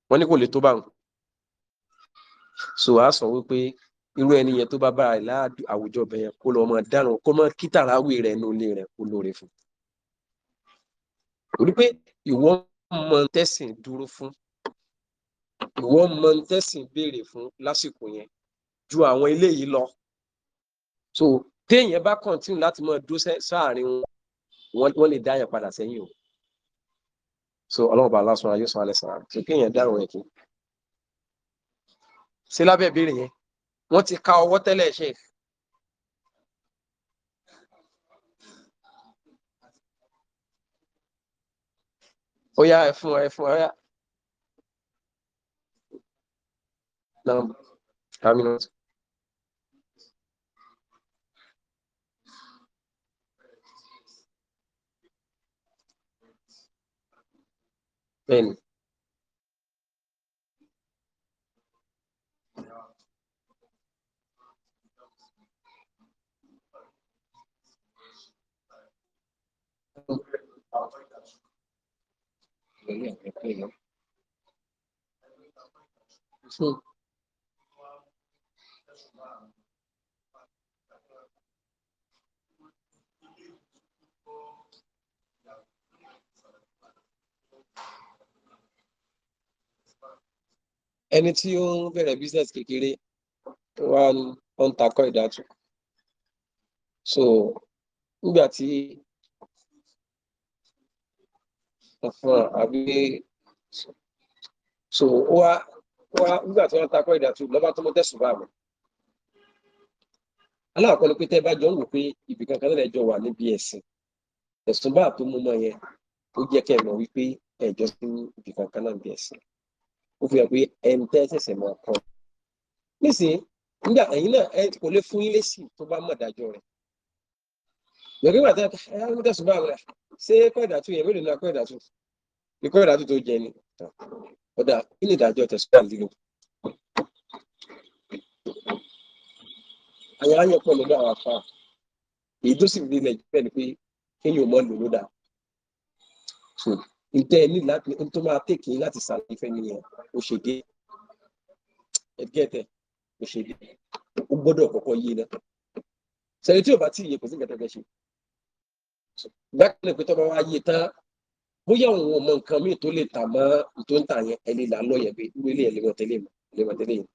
wọ́n ní kò lè tó báwọn so a sọ wípé irú ẹni yẹn tó bá bára rẹ̀ láàdú àwùjọ bẹ̀yẹn kó lọ́ọ́ máa dáràn kó máa kí tàràwé rẹ̀ ní olè rẹ̀ kó lóore fún un torí pé ìwọ mọ tẹ̀sìn dúró fún wọ́n mọ tẹ́sìn béèrè fún lásìkò yẹn ju àwọn eléyìí lọ so téèyàn bá kọ̀ntínú láti mọ dó sáàrin wọn wọ́n lè dá yẹn padà sẹ́yìn o so ọlọ́run bá aláṣọ ayé sọ alẹ́ sàn so kéèyàn dáhùn ẹ̀ kí ṣe lábẹ́ ìbéèrè yẹn wọ́n ti ka ọwọ́ tẹ́lẹ̀ ṣe ó yá ẹ fún ẹ fún ẹ yá. Now, how many notes? Ten. Yeah, hmm. yeah, ẹni tí ó ń bẹ̀rẹ̀ business kékeré wá ó ń takọ́ ìdátù so nígbà tí ọ̀fun àbí so wá wá nígbà tí wọ́n takọ́ ìdátù lọ́ba tó mọ́ tẹ̀sùn bá mi aláàkọ́ ni pé tẹ́ bá jọ ń wò pé ibì kankan náà lẹ́jọ́ wà níbi ẹ̀sìn ẹ̀sùn bá tó mú mọ́ yẹn ó jẹ́ kẹ́ ẹ̀ mọ̀ wípé ẹ̀jọ́ sí ibì kankan náà bí ẹ̀sìn ó fi hàn pé ẹni tẹ́ ṣẹ̀ṣẹ̀ máa kọ́ nísìnyí nígbà ẹ̀yin náà ẹ kò lè fún yín lésì tó bá mọ̀ dájọ́ rẹ̀ gbẹ̀gbẹ̀ wà tẹ́ ẹ mú tẹ̀sùn bá rẹ̀ ṣé kọ́ ìdàtú yẹn mélòó náà kọ́ ìdàtú ikọ́ ìdàtú tó jẹ ni ọ̀dà kí ni ìdájọ́ tẹ̀sùn bá lílo. àwọn ayọ̀ pọ̀ lọ́dọ̀ àwọn afá èyí tó sì rí nàìjíríà ni pé kéèyàn mọ́ lò ló ntẹ́ ní láti tó máa tèkì láti sàlàyé fẹ́ nìyẹn ó ṣe dé ẹ̀dígẹ́tẹ̀ ó ṣe dé ó gbọ́dọ̀ kọ́kọ́ yé náà sẹ́ni tí ò bá tí ì yẹ kò sí nǹkan tẹ́tẹ́ ṣe gbákẹ́lẹ̀ pé tọ́ba wa yé tán bóyá òun ọmọ nǹkan míì tó lè tà mọ́ tó ń tà yẹn ẹni là ń lọ yẹn pé wílé ẹ̀ lèmọ̀ tẹ́lẹ̀ mọ̀ lèmọ̀ tẹ́lẹ̀ yẹn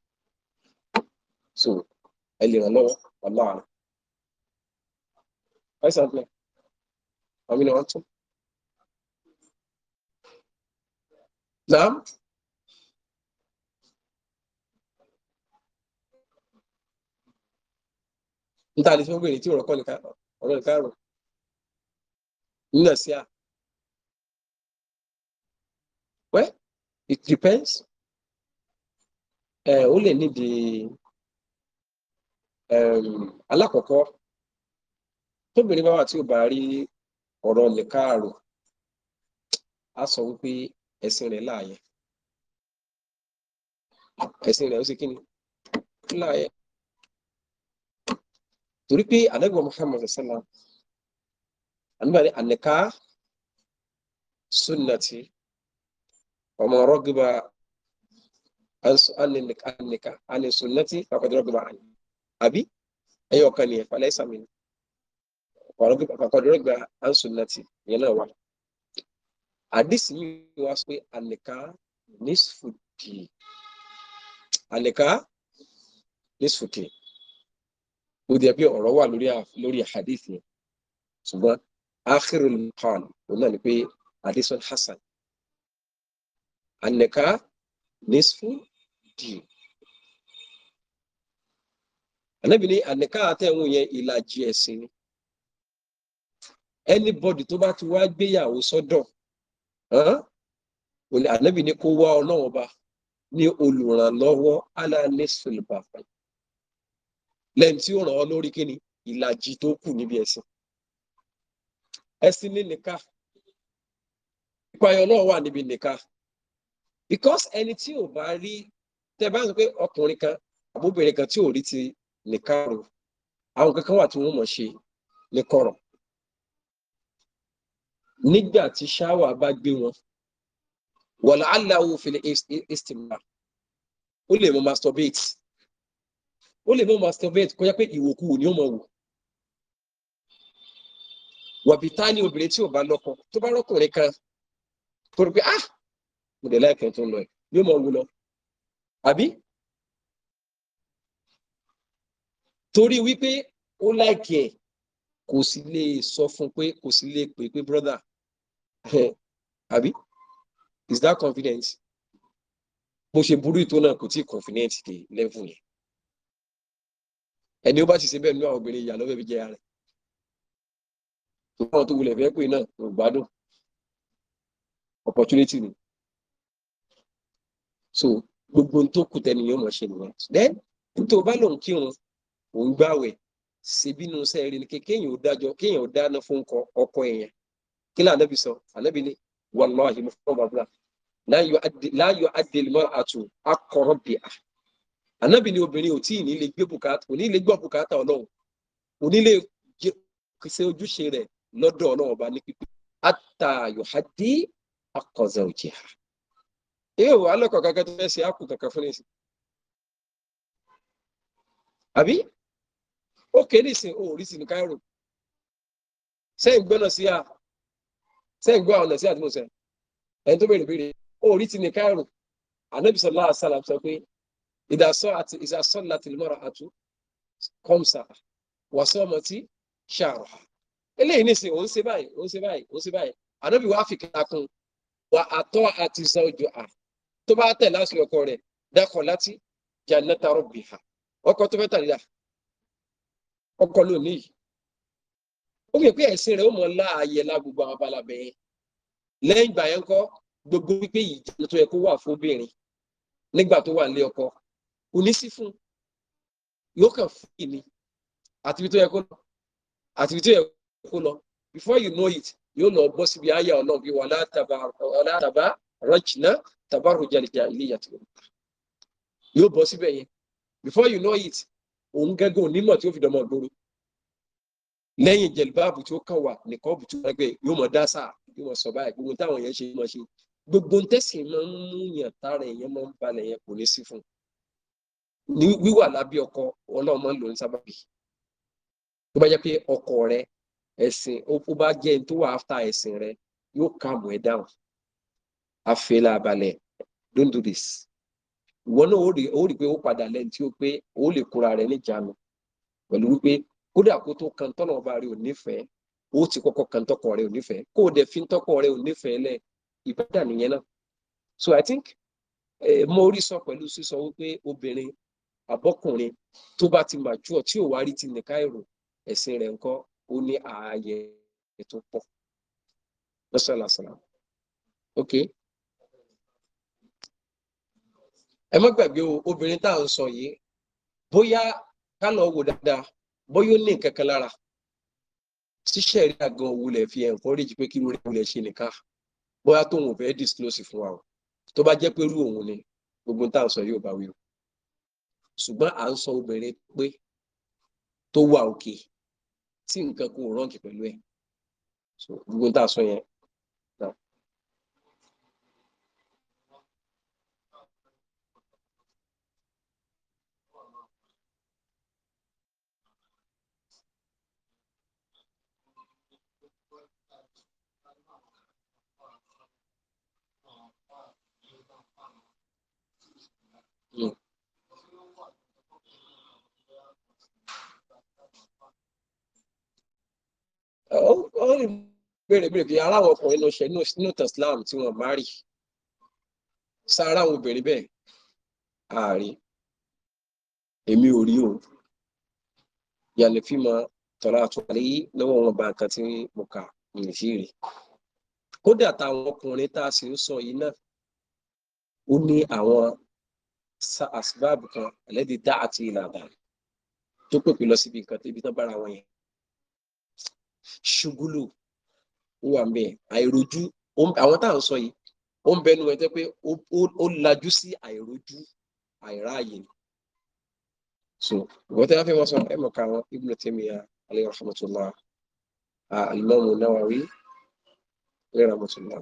so ẹ lè ràn lọ́wọ́ ọlọ́run. Ẹ sàn pé, àmì ni wọ́n tún. نعم níta lè fi gbogbo èrè tí ọ̀rọ̀ kọ́ nìkan ọ̀rọ̀ Well, it depends. Ẹ ó lè nídi alákọ̀ọ́kọ́ tóbìnrin bá wà tí ò bá ẹ̀sìn rẹ̀ láàyè ẹ̀sìn rẹ̀ ó sì kí ni láàyè torí pé àdẹ́gbọ̀n Muhammad sallam àníbàdí àníká sunnati ọmọ rọgbà àníká àní sunnati pàpàdé rọgbà àní àbí ẹyọ kan ni ẹ̀fà lẹ́sàmì ọ̀rọ̀gbà àní sunnati ìyẹn náà wà àdìsí yìí wá pé àlèká nísfùdì àlèká nísfùdì ó di ẹbí ọ̀rọ̀ wà lórí lórí àdìsí yẹn ṣùgbọ́n ákírù nìkan òun náà ni pé àdìsí hasan àlèká nísfùdì ànábì ní àlèká àtẹ̀wọ̀n yẹn ìlàjì ẹ̀sìn ni anybody tó bá ti wá gbéyàwó sọ́dọ̀. So òní ànábì ní kó wá ọlọ́run ọba ní olùrànlọ́wọ́ alanisulbafa lẹ́yìn tí ó ràn ọ́ lórí kíni ìlàjì tó kù níbi ẹ̀sìn ẹ̀sìn ní nìka ìpayọ̀ náà wà níbi nìka because ẹni tí ò bá rí tẹ bá ń pé ọkùnrin kan àbóbìnrin kan tí ò rí ti nìka rò àwọn kankan wà tí wọ́n mọ̀ ṣe ní kọ̀rọ̀ nígbà tí ṣáwà bá gbé wọn wọ̀lá aláwo fìlẹ̀ istimar ó lè mọ masturbate ó lè mọ masturbate kó yẹ pé ìwòkuwò ni ó mọ wò wàbítání obìnrin tí ò bá lọ́kọ tó bá rọ́kùnrin kan tó rí pé ah mo dẹ̀ láìpẹ́ tó ń lọ ẹ̀ yóò mọ wù lọ àbí torí wípé ó láìkì ẹ̀ kò sì lè sọ fún pé kò sì lè pè pé brother àbí is that confidence bó ṣe burú ìtò náà kò tí confident dé level yẹn ẹni ó bá ti ṣe bẹ́ẹ̀ nínú àwọn obìnrin ìyá lọ́fẹ̀ẹ́ fi jẹ́ ara rẹ̀ tó bá wọn tó wulẹ̀ fẹ́ pé náà kò gbádùn opportunity ni so gbogbo tó kù tẹni yóò mọ̀ ṣe nìyẹn then nítorí bá lòun kírun òun gbàwẹ̀ ṣèbínú sẹ́ẹ̀rì ni kéèyàn ò dájọ́ kéèyàn ò dáná fún ọkọ èèyàn kí lóò ànábì sọ ànábì ni wàláhì mo fọwọ́ bàbúrà láyọ̀ adèlémọ́ àtò akọ̀rọ̀ bìà ànábì ni obìnrin ò tí ì ní lè gbé bùkátà ò ní lè gbọ́ bùkátà ọlọ́run ò ní lè ṣe ojúṣe rẹ̀ lọ́dọ̀ ọlọ́run ọba ní pípé àtàyò adé akọ̀zẹ̀ òjì ha èyí ò alọ́kọ̀ kankan tó fẹ́ ṣe àkù kankan fún ẹ̀sìn àbí ó kéde ìsìn òòrí sínú káírò sẹ́yìn gbọ́nà sí a sẹ́yìn gbọ́ àwọn nàìjíríà tí mo sẹ́ ẹni tó béèrè béèrè ó rí ti nìkan ẹ̀rù anabi sọlá àṣàlà sọ pé ìdásọ àti ìdásọ láti lè mọ́ra àtú kọ́msà wàsọ ọmọ tí ṣàrọ̀ eléyìí nìsín òun ṣe báyìí òun ṣe báyìí òun ṣe báyìí anabi wàá fi kíkà kún wà àtọ́ àti sọ́jọ́ à tó bá tẹ̀ láti ọkọ rẹ̀ dákọ̀ láti jannata rabbiha ọkọ̀ tó fẹ́ tàlíyà ọkọ̀ lónìí ó fi pé ẹ̀sìn rẹ̀ ó mọ̀ láàyè lá gbogbo àwọn abala bẹ̀yẹn lẹ́yìn ìgbà yẹn kọ́ gbogbo wípé ìjẹun tó yẹ kó wà fóbìnrin nígbà tó wà nílé ọkọ kò ní sí fún yóò kàn fún ìní àti ibi tó yẹ kó lọ àti ibi tó yẹ kó lọ before you know it yóò lọ bọ́ síbi àyà ọlọ́run bí wàhálà tàbá rọ́jìnà tàbá rọjàlìjà ilé ìyàtọ̀ yóò bọ́ síbẹ̀ yẹn before you know it òun gẹ́gẹ́ onímọ̀ tí ó fi dọmọ gbòòrò lẹ́yìn jẹ̀lbáàbù tí ó kàn wà nìkọ́ọ̀bù tí ó rẹ̀ pé yóò mọ̀ dá sáà yóò mọ̀ sọ báyìí gbogbo táwọn yẹn ṣe yóò mọ̀ ṣe gbogbo ntẹ́sìn máa ń mú yàn tára èèyàn máa ń balẹ̀ yẹn kò ní sí fún un wíwà lábẹ́ ọkọ ọlọ́run máa ń lò ní sábàbí tó bá jẹ́ pé ọkọ rẹ ẹ̀sìn ó bá jẹ́ ní tó wà áfta ẹ̀sìn rẹ yóò kààmù ẹ̀ dáhùn àfẹ́lá balẹ̀ don't do this ìwọ náà ó rí pé ó padà lẹ́yìn tí ó pé ó lè kóra rẹ níjàánu pẹ̀lú wípé kódà kó tó kan tọ́nà ọba rẹ ò nífẹ̀ẹ́ ó ti kọ́kọ́ kan tọkọ rẹ ò nífẹ̀ẹ́ kó o dẹ̀ fi tọkọ rẹ ò nífẹ̀ẹ́ lẹ̀ ìbádà nìyẹn náà so i think mo rí sọ pẹ̀lú sísọ wípé obìnrin àbọ́kùnrin tó bá ti màjúọ̀ tí ò wá rí ti nìka èrò ẹ̀sìn rẹ̀ ńkọ́ ó ní ààyè ètò pọ̀ lọ́sọ̀làsọ̀là ok ẹ má gbàgbé o obìnrin tá à ń sọ yìí bóyá ká lọ wò dáadáa bóyá ó ní nǹkan kan lára ṣíṣe rí àgàn wulẹ̀ fi encourage pé kí lórí wulẹ̀ ṣe nìkan bóyá tóun ò fẹ́ disclose fún wa o tó bá jẹ́ pé irú òun ni gbogbo tá à ń sọ yóò bá wí o ṣùgbọ́n à ń sọ obìnrin pé tó wà òkè tí nǹkan kan rọ́ǹkì pẹ̀lú ẹ̀ gbogbo tá à sọ yẹn ó rí bèrè bèrè pé aráwọ̀ ọkùnrin lọ ṣe nínú tàn Islam tí wọ́n má rí sára àwọn obìnrin bẹ́ẹ̀ ààrí èmi ò rí o yàlẹ̀ fi mọ tọ́lá àtúwárí lọ́wọ́ wọn bá nǹkan tí mo kà ní sí rí kódà táwọn ọkùnrin tá a sì ń sọ yìí náà ó ní àwọn asbáàbù kan ẹlẹ́dìí dá àti ìlànà tó pèpè lọ síbi nǹkan tẹ́bi tán bára wọn yẹn ṣugulu ó wà ń bẹ àìrojú àwọn tá à ń sọ yìí ó ń bẹnu ẹjọ pé ó lajú sí àìrojú àìráàyè ni so ìwọ́n tẹ́ wá fẹ́ wọ́n sọ ẹ mọ̀ ká wọn Ibn Taymiyyah alayhi rahmatullah al-Imam Nawawi alayhi rahmatullah.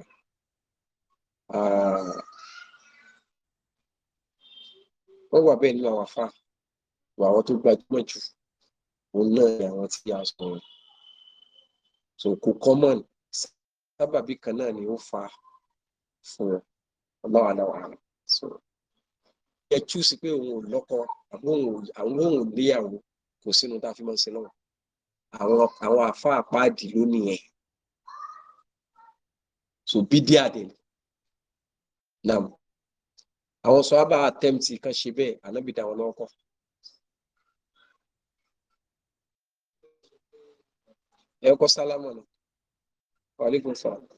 wọ́n wà bẹ́ẹ̀ nínú àwọn afá àwọn tó gbajúmọ̀ jù òun náà ni àwọn tí a sọ̀rọ̀ so kò common sábàbí kan náà ni ó fa fún ẹ ọlọ́wà lọ́wà rẹ so ẹ chúùsì pé òun ò lọ́kọ àwọn òun ò léyàwó kò sínú tá a fi máa ń ṣe lọ́wọ́ àwọn àwọn àfáà páàdì ló nìyẹn so bídí àdè náà àwọn sọ àbá attempt kan ṣe bẹ́ẹ̀ ànábìdá wọn lọ́kọ̀ọ́. É o Costa lá, mano. Olha o que eu falo.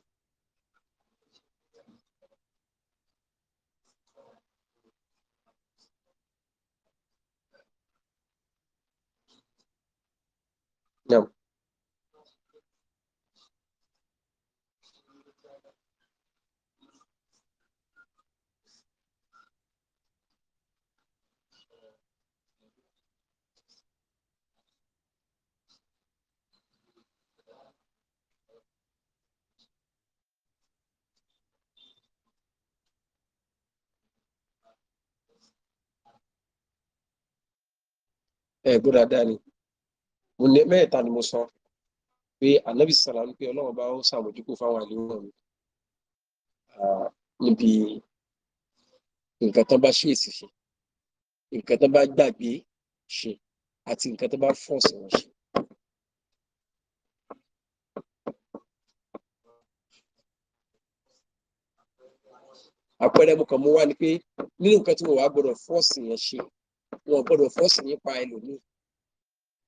ẹ̀gbọ́n dáadáa ni mo ní mẹ́ta ni mo sọ pé anabi sara ń pé ọlọ́run bá ó ṣàmójúkú fáwọn àlewọ̀n mi níbi nǹkan tán bá ṣèèsì ṣe nǹkan tán bá gbàgbé ṣe àti nǹkan tán bá fọ̀ọ̀sì wọn ṣe. àpẹẹrẹ mo kàn mú wá ni pé nínú nǹkan tí mo wàá gbọ́dọ̀ fọọsì yẹn ṣe wọn gbọ́dọ̀ fọ́ọ̀sì yín pa ẹlòmíì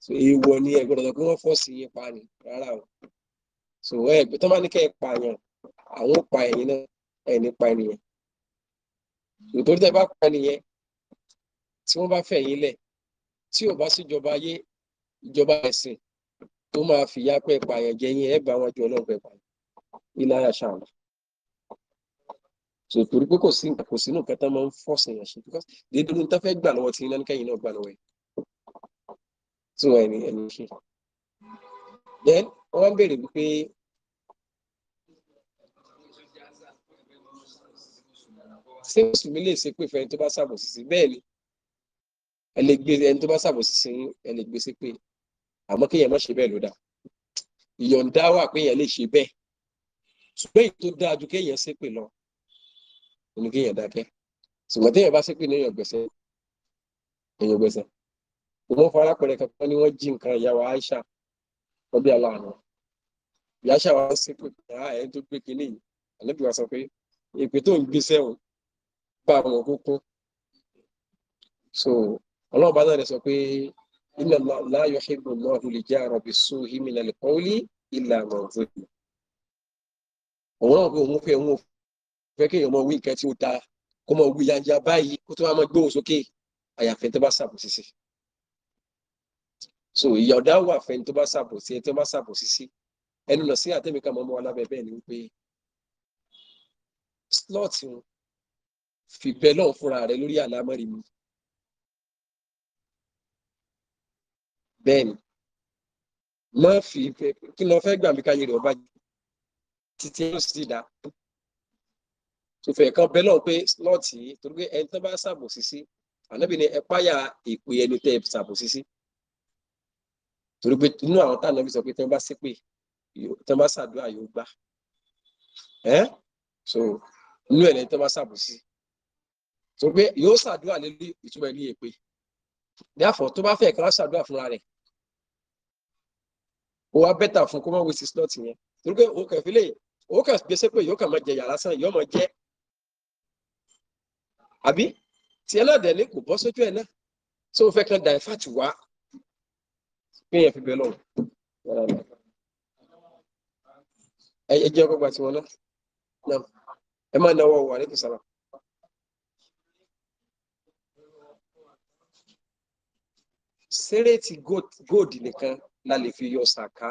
so èèwọ̀ ni ẹ gbọ́dọ̀ pé wọ́n fọ́ọ̀sì yín ni rárá o so ẹ pé tó bá ní kẹ́ ẹ pààyàn àwọn ò pa ẹ̀yìn náà ẹ̀ ní pa ènìyàn nítorí tẹ́ bá pa ènìyàn tí wọ́n bá fẹ̀yìn lẹ̀ tí ò bá síjọba ayé ìjọba ẹ̀sìn tó máa fìyà pẹ́ pààyàn jẹ́yìn ẹ̀ bá wọn jọ náà pẹ́ pààyàn ìlànà ṣàlọ́ so torí pé kò sí kò sínú nǹkan tán máa ń fọ́ọ̀sì èèyàn ṣe because déédéé ní tán fẹ́ gbà lọ́wọ́ tí iná ní náà gbà lọ́wọ́ ẹ̀ tí wọ́n ẹni ẹni ṣe. then wọ́n wá ń béèrè wípé ṣé mùsùlùmí lè ṣe pé fẹ́ ẹni tó bá ṣàbòsí sí bẹ́ẹ̀ ni ẹ lè gbé ẹni tó bá ṣàbòsí sí ẹ lè gbé sí pé àmọ́ kéèyàn má ṣe bẹ́ẹ̀ ló dáa ìyọ̀ǹda wà pé èèyàn lè ṣe bẹ́ẹ̀ ṣùgbọ́n èyí tó dáa ju kéèyàn ṣépè lọ ní kéèyàn dákẹ́ ṣùgbọ́n téèyàn bá ṣépè léèyàn gbẹ̀sẹ̀ èèyàn gbẹ̀sẹ̀ wọ́n fọ arákùnrin kan ní wọ́n jí nǹkan ìyàwó Aisha ọbẹ̀ aláàánú ìyá Aisha wa ṣépè pé a ah, ẹ̀ tó gbé kínní yìí àlébí wa sọ pé èpè tó ń gbé sẹ́wọ̀n bá àwọn kókó so ọlọ́run bá náà rẹ̀ sọ pé inna la yuhibbu Allahu al-jahra bis-su'i mina al-qawli illa man zulim òun náà pé òun fẹ́ òun fẹ́ kí èèyàn mọ wí nǹkan tí ó dáa kó mọ wí yanja báyìí kó tó wá mọ gbóhùn sókè àyàfi tó bá ṣàbòsí sí so ìyọ̀dá wà fẹ́ni tó bá ṣàbòsí ẹni tó bá ṣàbòsí sí ẹnu lọ sí àtẹ́mìkan mọ́mọ́ wa lábẹ́ bẹ́ẹ̀ ni wípé slot wọn fi bẹ lọ́n fúnra rẹ lórí àlámọ́rí mi bẹ́ẹ̀ ni má fi kí ni fẹ́ gbà mí káyé rẹ̀ títí ó sì dá sọfẹ̀ ẹ̀kan bẹ́ẹ̀ lọ́wọ́ pé slọ́ọ̀tì yìí torí pé ẹni tó bá ṣàbòsí sí ànábì ni ẹ páyà èpè ẹni tẹ́ ẹ ṣàbòsí sí torí pé inú àwọn táwọn ẹbí sọ pé tí bá ṣépè tí bá ṣàdúrà yóò gbà ẹ́ so inú ẹ̀ lẹ́yìn tí wọ́n bá ṣàbòsí sọ pé yóò ṣàdúrà lé ìtumọ̀ ẹni èpè dáàfọ̀ tó bá fẹ́ ẹ̀kan wá ṣàdúrà fúnra rẹ̀ ó wá bẹ́tà fún kó má wé sí slọ́ọ̀tì yẹn torí pé òun lè òun gbèsè pé yóò kàn máa jẹ yàrá sàn yóò máa jẹ́ àbí tí ẹlọ́dẹ̀ ní kò bọ́ sójú ẹ̀ náà tó fẹ́ kan divert wá pé yẹn fi bẹ̀ lọ́wọ́ ẹ jẹ́ ọgbà tiwọn náà ẹ máa náwó wà ní kìsàlá. sẹ́rẹ̀tì gold nìkan la lè fi yọ sàká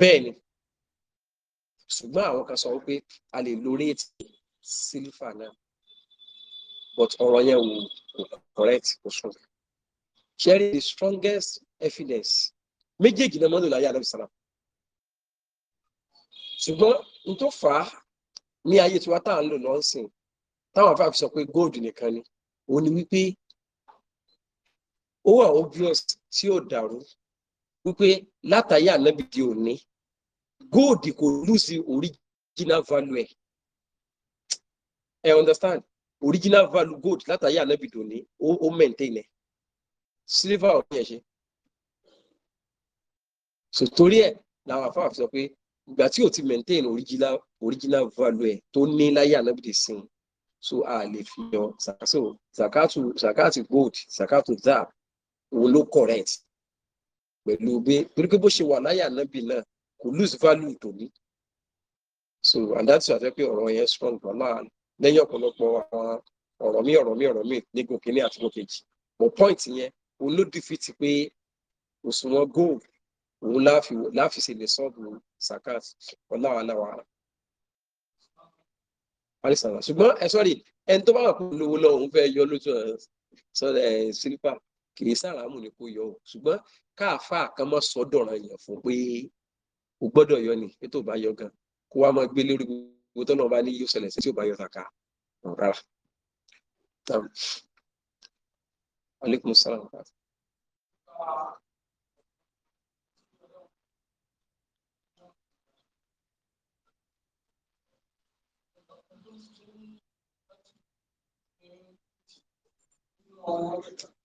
bẹ́ẹ̀ ni ṣùgbọ́n àwọn kan sọ wípé a lè lo réètì sílífà náà but ọ̀rọ̀ yẹn wò kò correct kò sùn. sharing the strongest evidence méjèèjì náà mọ́lò láyé alábi sàlám ṣùgbọ́n n tó fà á ní ayé tiwa tá à ń lò lọ́sìn táwọn afáà fi sọ pé gold nìkan ni òun ni wípé ó wà obvious tí ó dàrú wípé látàyè ànábìdí òní gold kò lose original value ẹ̀ ẹ understand original value gold látàyè ànábìdò ní ó ó maintain ẹ silver ò ní ẹ ṣe so torí ẹ làwọn afáà sọ pé ìgbà tí o ti maintain original original value ẹ tó ní láyé ànábìdò sin so a lè fi yan so zakatu zakatu gold zakatu zab òun ló correct pẹ̀lú bí torí pé bó ṣe wà láyé ànábì náà kò lose value tó ní so and that's why pé ọ̀rọ̀ yẹn strong for wàhálà lẹ́yìn ọ̀pọ̀lọpọ̀ àwọn ọ̀rọ̀ mi ọ̀rọ̀ mi ọ̀rọ̀ mi ní gòkè ní àti gòkè jì but point yẹn olódì fi ti pé òṣùwọ̀n gold òun láfi ṣe lè sọ́ọ̀bù sakat ọ̀làwàlàwàlà alisana ṣùgbọ́n ẹ eh, sọ́ọ̀rì ẹni tó bá wà kún lówó lọ́wọ́ òun fẹ́ yọ lójú ẹ̀ eh, sílípà eh, kì í sàràmù ni kò yọ ṣùgbọ́n káàfà kan mọ́ sọ́dọ̀ràn yẹn fún pé kò gbọ́dọ̀ yọ ni ètò bá yọ gan kó wá máa gbé lórí gbogbo tọ́nà ọba ní yóò ṣẹlẹ̀ sí tí ò bá yọ kàkà rárá. Thank you.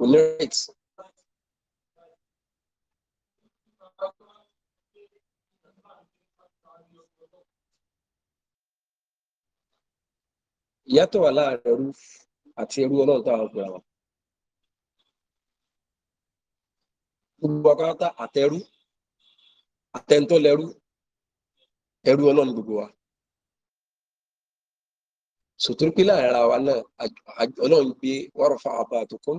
kò ní rate. ìyàtọ̀ wà láàrin ẹrú àti ẹrú ọlọ́run tó àwọn ọkùnrin àwọn gbogbo akọ́ta àtẹrú àtẹntọ́lẹ́rú ẹrú ọlọ́run gbogbo wa sòtúrú pé láàrin ara wa náà ọlọ́run gbé wàrọ̀fà àbá àtòkún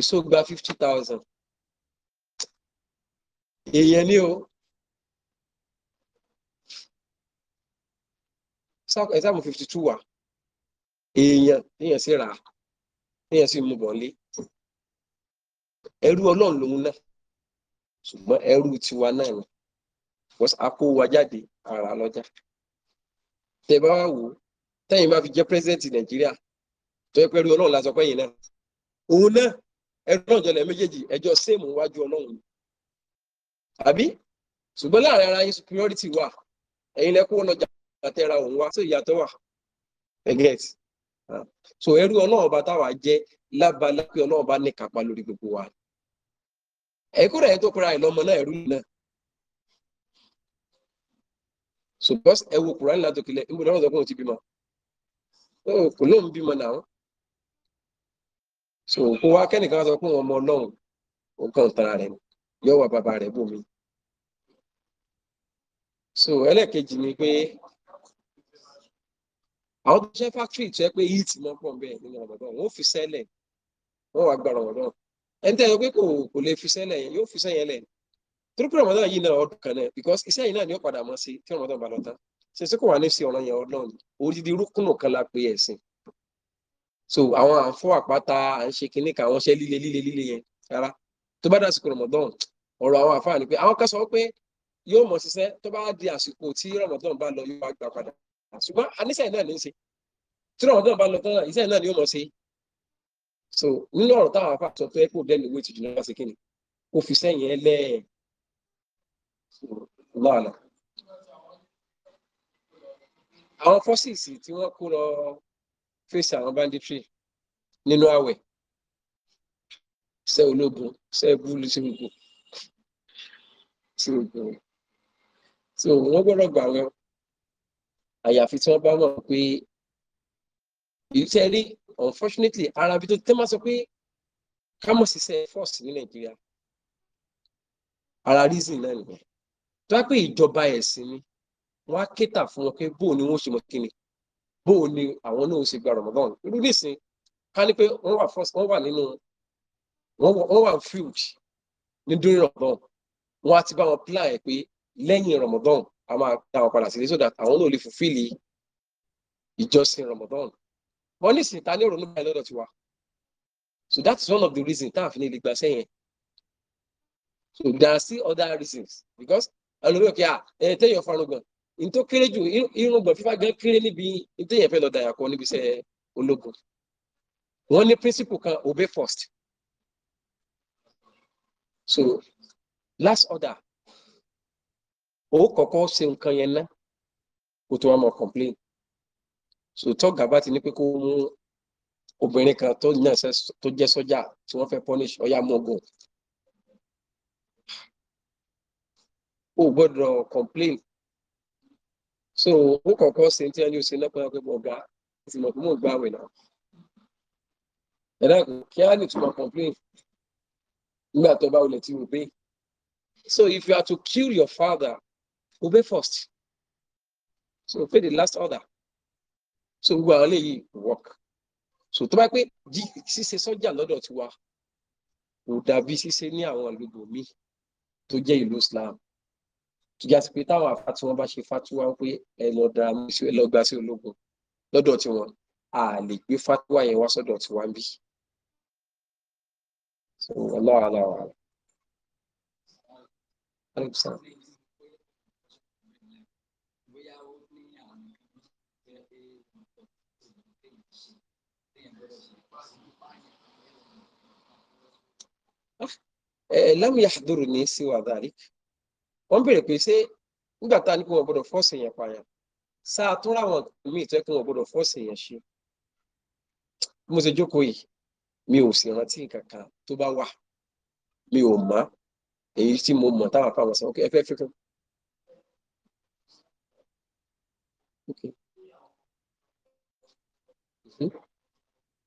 so gba fifty thousand èèyàn ni o ẹ̀sàmù fifty two wa. èèyàn èèyàn sì rà èèyàn sì mú bọ̀ lé ẹrú ọlọ́run lòun náà ṣùgbọ́n ẹrú tiwa náà ni akó wa jáde ara lọ́jà tẹ́ bá wà wò tẹ́yìn bá fi jẹ́ pírẹ́sìdẹ̀ntì nàìjíríà tó yẹ pẹ́rú ọlọ́run lásán pẹ́yìn náà òun náà ẹ̀rọ ìjọlẹ̀ méjèèjì ẹjọ́ sèmù wájú ọlọ́run àbí ṣùgbọ́n láàrin ara yín superiority wà ẹ̀yin lẹ́kọ́ ọ̀nà jàtẹ́ra òun wá sí ìyàtọ̀ wà ẹ̀gẹ́t ah. so ẹrú ọlọ́run ọba táwa jẹ́ lábala pé ọlọ́run ọba ní kápá lórí gbogbo wa ẹ̀kọ́ rẹ̀ tó náà ẹ̀rú náà ṣùgbọ́n ti bímọ oh, so kó wá kẹ́nìkan sọ pé wọn mọ ọlọ́run nǹkan tara rẹ̀ ni yóò wá bàbá rẹ̀ bòmí so ẹlẹ́ẹ̀kejì ni pé àwọn tó jẹ́ factory tó yẹ pé yìí ti mọ́ pọ̀ bẹ́ẹ̀ nínú ọ̀mọ̀dọ́ wọn ò fi sẹ́lẹ̀ wọn wà gba ọ̀mọ̀dọ́ ẹni tẹ́ ẹ pé kò kò lè fi sẹ́lẹ̀ yóò fi sẹ́yẹn lẹ̀ torí pé ọ̀mọ̀dọ́ yìí náà ọdún kan náà because iṣẹ́ yìí náà ni ó padà mọ́ sí tí ọ̀mọ̀dọ́ bá lọ tán ṣe sí kò wá ní sí ọ̀ràn yẹn ọlọ́run òdìdí rúkúnù kan la pe ẹ̀sìn so àwọn à ń fọ́ àpáta à ń ṣe kinní kan àwọn iṣẹ́ líle líle líle yẹn rárá tó bá dàsìkò Ramadan ọ̀rọ̀ àwọn àfáà ni pé àwọn kan sọ pé yóò mọ̀ ṣiṣẹ́ tó bá di àsìkò tí Ramadan bá lọ yóò wá gbà padà ṣùgbọ́n aníṣẹ́ náà ní í ṣe tí Ramadan bá lọ tán iṣẹ́ náà ni yóò mọ̀ ṣe so nínú ọ̀rọ̀ táwọn àfáà sọ pé kò dẹ́nu ìwé ìtìjú náà ṣe kí ni ó fi sẹ́yìn ẹ lẹ́ẹ̀ lọ́ọ̀nà àwọn fọ́sìsì tí wọ́n kó lọ fèsì àwọn banditry nínú àwẹ̀ ṣe ológun ṣe búlù sí gbogbo sí gbogbo so wọ́n gbọ́dọ̀ gbà wọ́n àyàfi tí wọ́n bá mọ̀ pé èyí tẹ́ rí unfortunately ara bí tó tẹ́ máa sọ pé ká mọ̀ sí sẹ́ẹ̀ force ní nàìjíríà ara reason náà nìyẹn tó wá pé ìjọba ẹ̀sìn ni wọ́n á kéta fún wọn pé bóun ni wọ́n ṣe mọ̀ kí ni bó o ni àwọn náà ṣe gba Ramadan irú nísìn ká ní pé wọ́n wà first wọ́n wà nínú wọ́n wà field ní during Ramadan wọ́n á ti bá wọn plan ẹ̀ pé lẹ́yìn Ramadan a máa dá wọn padà sílé so that àwọn náà lè fulfill ìjọsìn Ramadan wọ́n nísìn ta ní ìrònú báyìí lọ́dọ̀ tiwa so that is one of the reasons tá a fi ní ilé gbàṣẹ́ yẹn so there are still other reasons because ẹlòmíràn kí a ẹ tẹ́yọ̀ farogan n tó kéré jù irùngbọ̀n fífá gan kéré níbi n tó yẹn fẹ́ lọ dàyàkọ níbi iṣẹ́ ológun wọ́n ní principle kan obey first so last order ó kọ́kọ́ ṣe nǹkan yẹn ná kó tó wá mọ̀ complain so tọ́gà bá ti ní pé kó mú obìnrin kan tó náà tó jẹ́ sọ́jà tí wọ́n fẹ́ punish ọ̀yà mọ́gùn o gbọ́dọ̀ complain so ó kọ̀ọ̀kan ṣe tí ẹni ò ṣe lọ́pọ̀ pé mo ga ti mọ̀ pé mo gbà wẹ̀ náà ẹ̀dá kò kí á lè túmọ̀ complain nígbà tó bá wulẹ̀ tí obey so if you are to kill your father obey first so pay the last order so gbogbo àwọn eléyìí work so tó bá pé ṣíṣe sọ́jà lọ́dọ̀ tiwa kò dàbí ṣíṣe ní àwọn àlùbọ̀ mi tó jẹ́ ìlú Islam tìjà sí pé táwọn àfa tí wọ́n bá ṣe fatuwa pé ẹ lọ dara mú sí ẹ lọ gbà sí ológun lọ́dọ̀ tiwọn a lè gbé fatuwa yẹn wá sọ́dọ̀ tiwa ń bí. Allahu Allahu Allahu. لم يحضرني سوى ذلك wọ́n béèrè pé ṣé nígbà tá a ní kí wọ́n gbọ́dọ̀ fọ́ọ̀sì yẹn pààyàn sáà tún ráwọn míì tó yẹ kí wọ́n gbọ́dọ̀ fọ́ọ̀sì yẹn ṣe mo ṣe jókòó yìí mi ò sì rántí nǹkan kan tó bá wà mi ò mọ̀ èyí tí mo mọ̀ táwọn afáwọn sọ ẹ fẹ́ fíkún. Okay.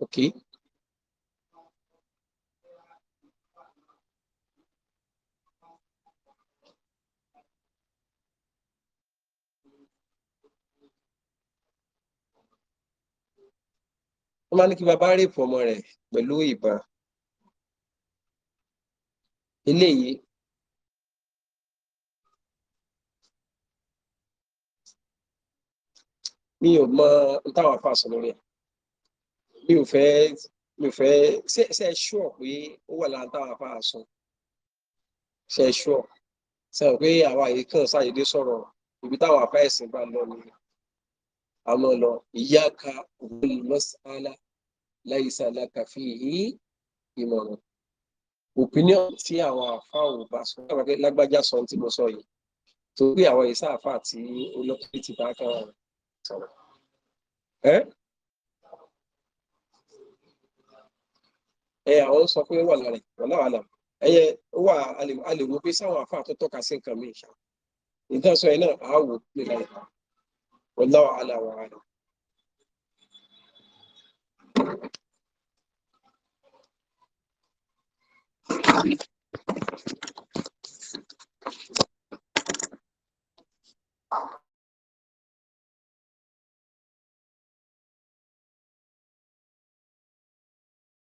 Okay. wọ́n máa ní kí bàbá rèpù ọmọ rẹ̀ pẹ̀lú ìbọn eléyìí mi ò mọ táwọn afa sọ lórí ẹ mi ò fẹ́ mi ò fẹ́ ṣe ṣe ṣú ọ pé ó wà lára táwọn afa sọ ṣe ṣú ọ ṣe hàn pé àwa yìí kàn ṣàyẹdẹ sọ̀rọ̀ ibi táwọn afa ẹ̀sìn bá lọ nìyẹn àwọn lọ ìyáka òun mọ́sálá láìsá lákàfí yìí ìmọ̀ràn opinion tí àwọn àfáà ò bá sọ láwọn akẹ́kẹ́ lágbájá sọ tí mo sọ yìí torí àwọn ìsá àfáà tí olókìkí ti bá kàn sọ̀rọ̀ ẹ àwọn sọ pé wà lára wọn náà wà lára ẹyẹ wà a lè wo pé sáwọn àfáà tó tọ́ka sí nǹkan mi nǹkan sọ yìí náà àá wò ó pé láyé والله على وأعلم Thank you.